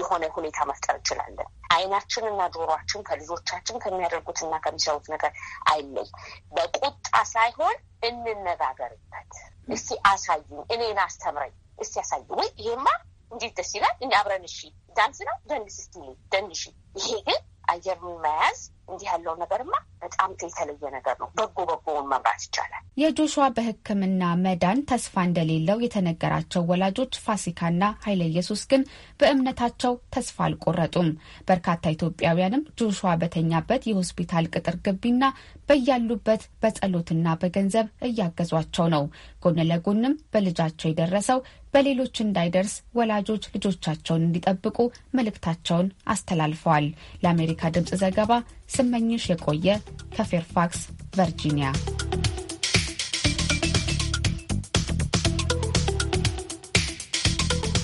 S18: የሆነ ሁኔታ መፍጠር እንችላለን። አይናችን እና ጆሯችን ከልጆቻችን ከሚያደርጉት እና ከሚሰሩት ነገር አይለይ። በቁጣ ሳይሆን እንነጋገርበት። እስቲ አሳዩኝ፣ እኔን አስተምረኝ፣ እስቲ አሳዩ ወይ ይሄማ እንዴት ደስ ይላል። እንደ አብረን እሺ ዳንስ ነው ደንስ እስቲ ደንሽ። ይሄ ግን አየር መያዝ እንዲህ ያለው ነገርማ በጣም የተለየ ነገር ነው። በጎ በጎውን መምራት ይቻላል።
S16: የጆሹዋ በሕክምና መዳን ተስፋ እንደሌለው የተነገራቸው ወላጆች ፋሲካና ኃይለ ኢየሱስ ግን በእምነታቸው ተስፋ አልቆረጡም። በርካታ ኢትዮጵያውያንም ጆሹዋ በተኛበት የሆስፒታል ቅጥር ግቢና በያሉበት በጸሎትና በገንዘብ እያገዟቸው ነው። ጎን ለጎንም በልጃቸው የደረሰው በሌሎች እንዳይደርስ ወላጆች ልጆቻቸውን እንዲጠብቁ አስታውቀው መልእክታቸውን አስተላልፈዋል። ለአሜሪካ ድምፅ ዘገባ ስመኝሽ የቆየ ከፌርፋክስ ቨርጂኒያ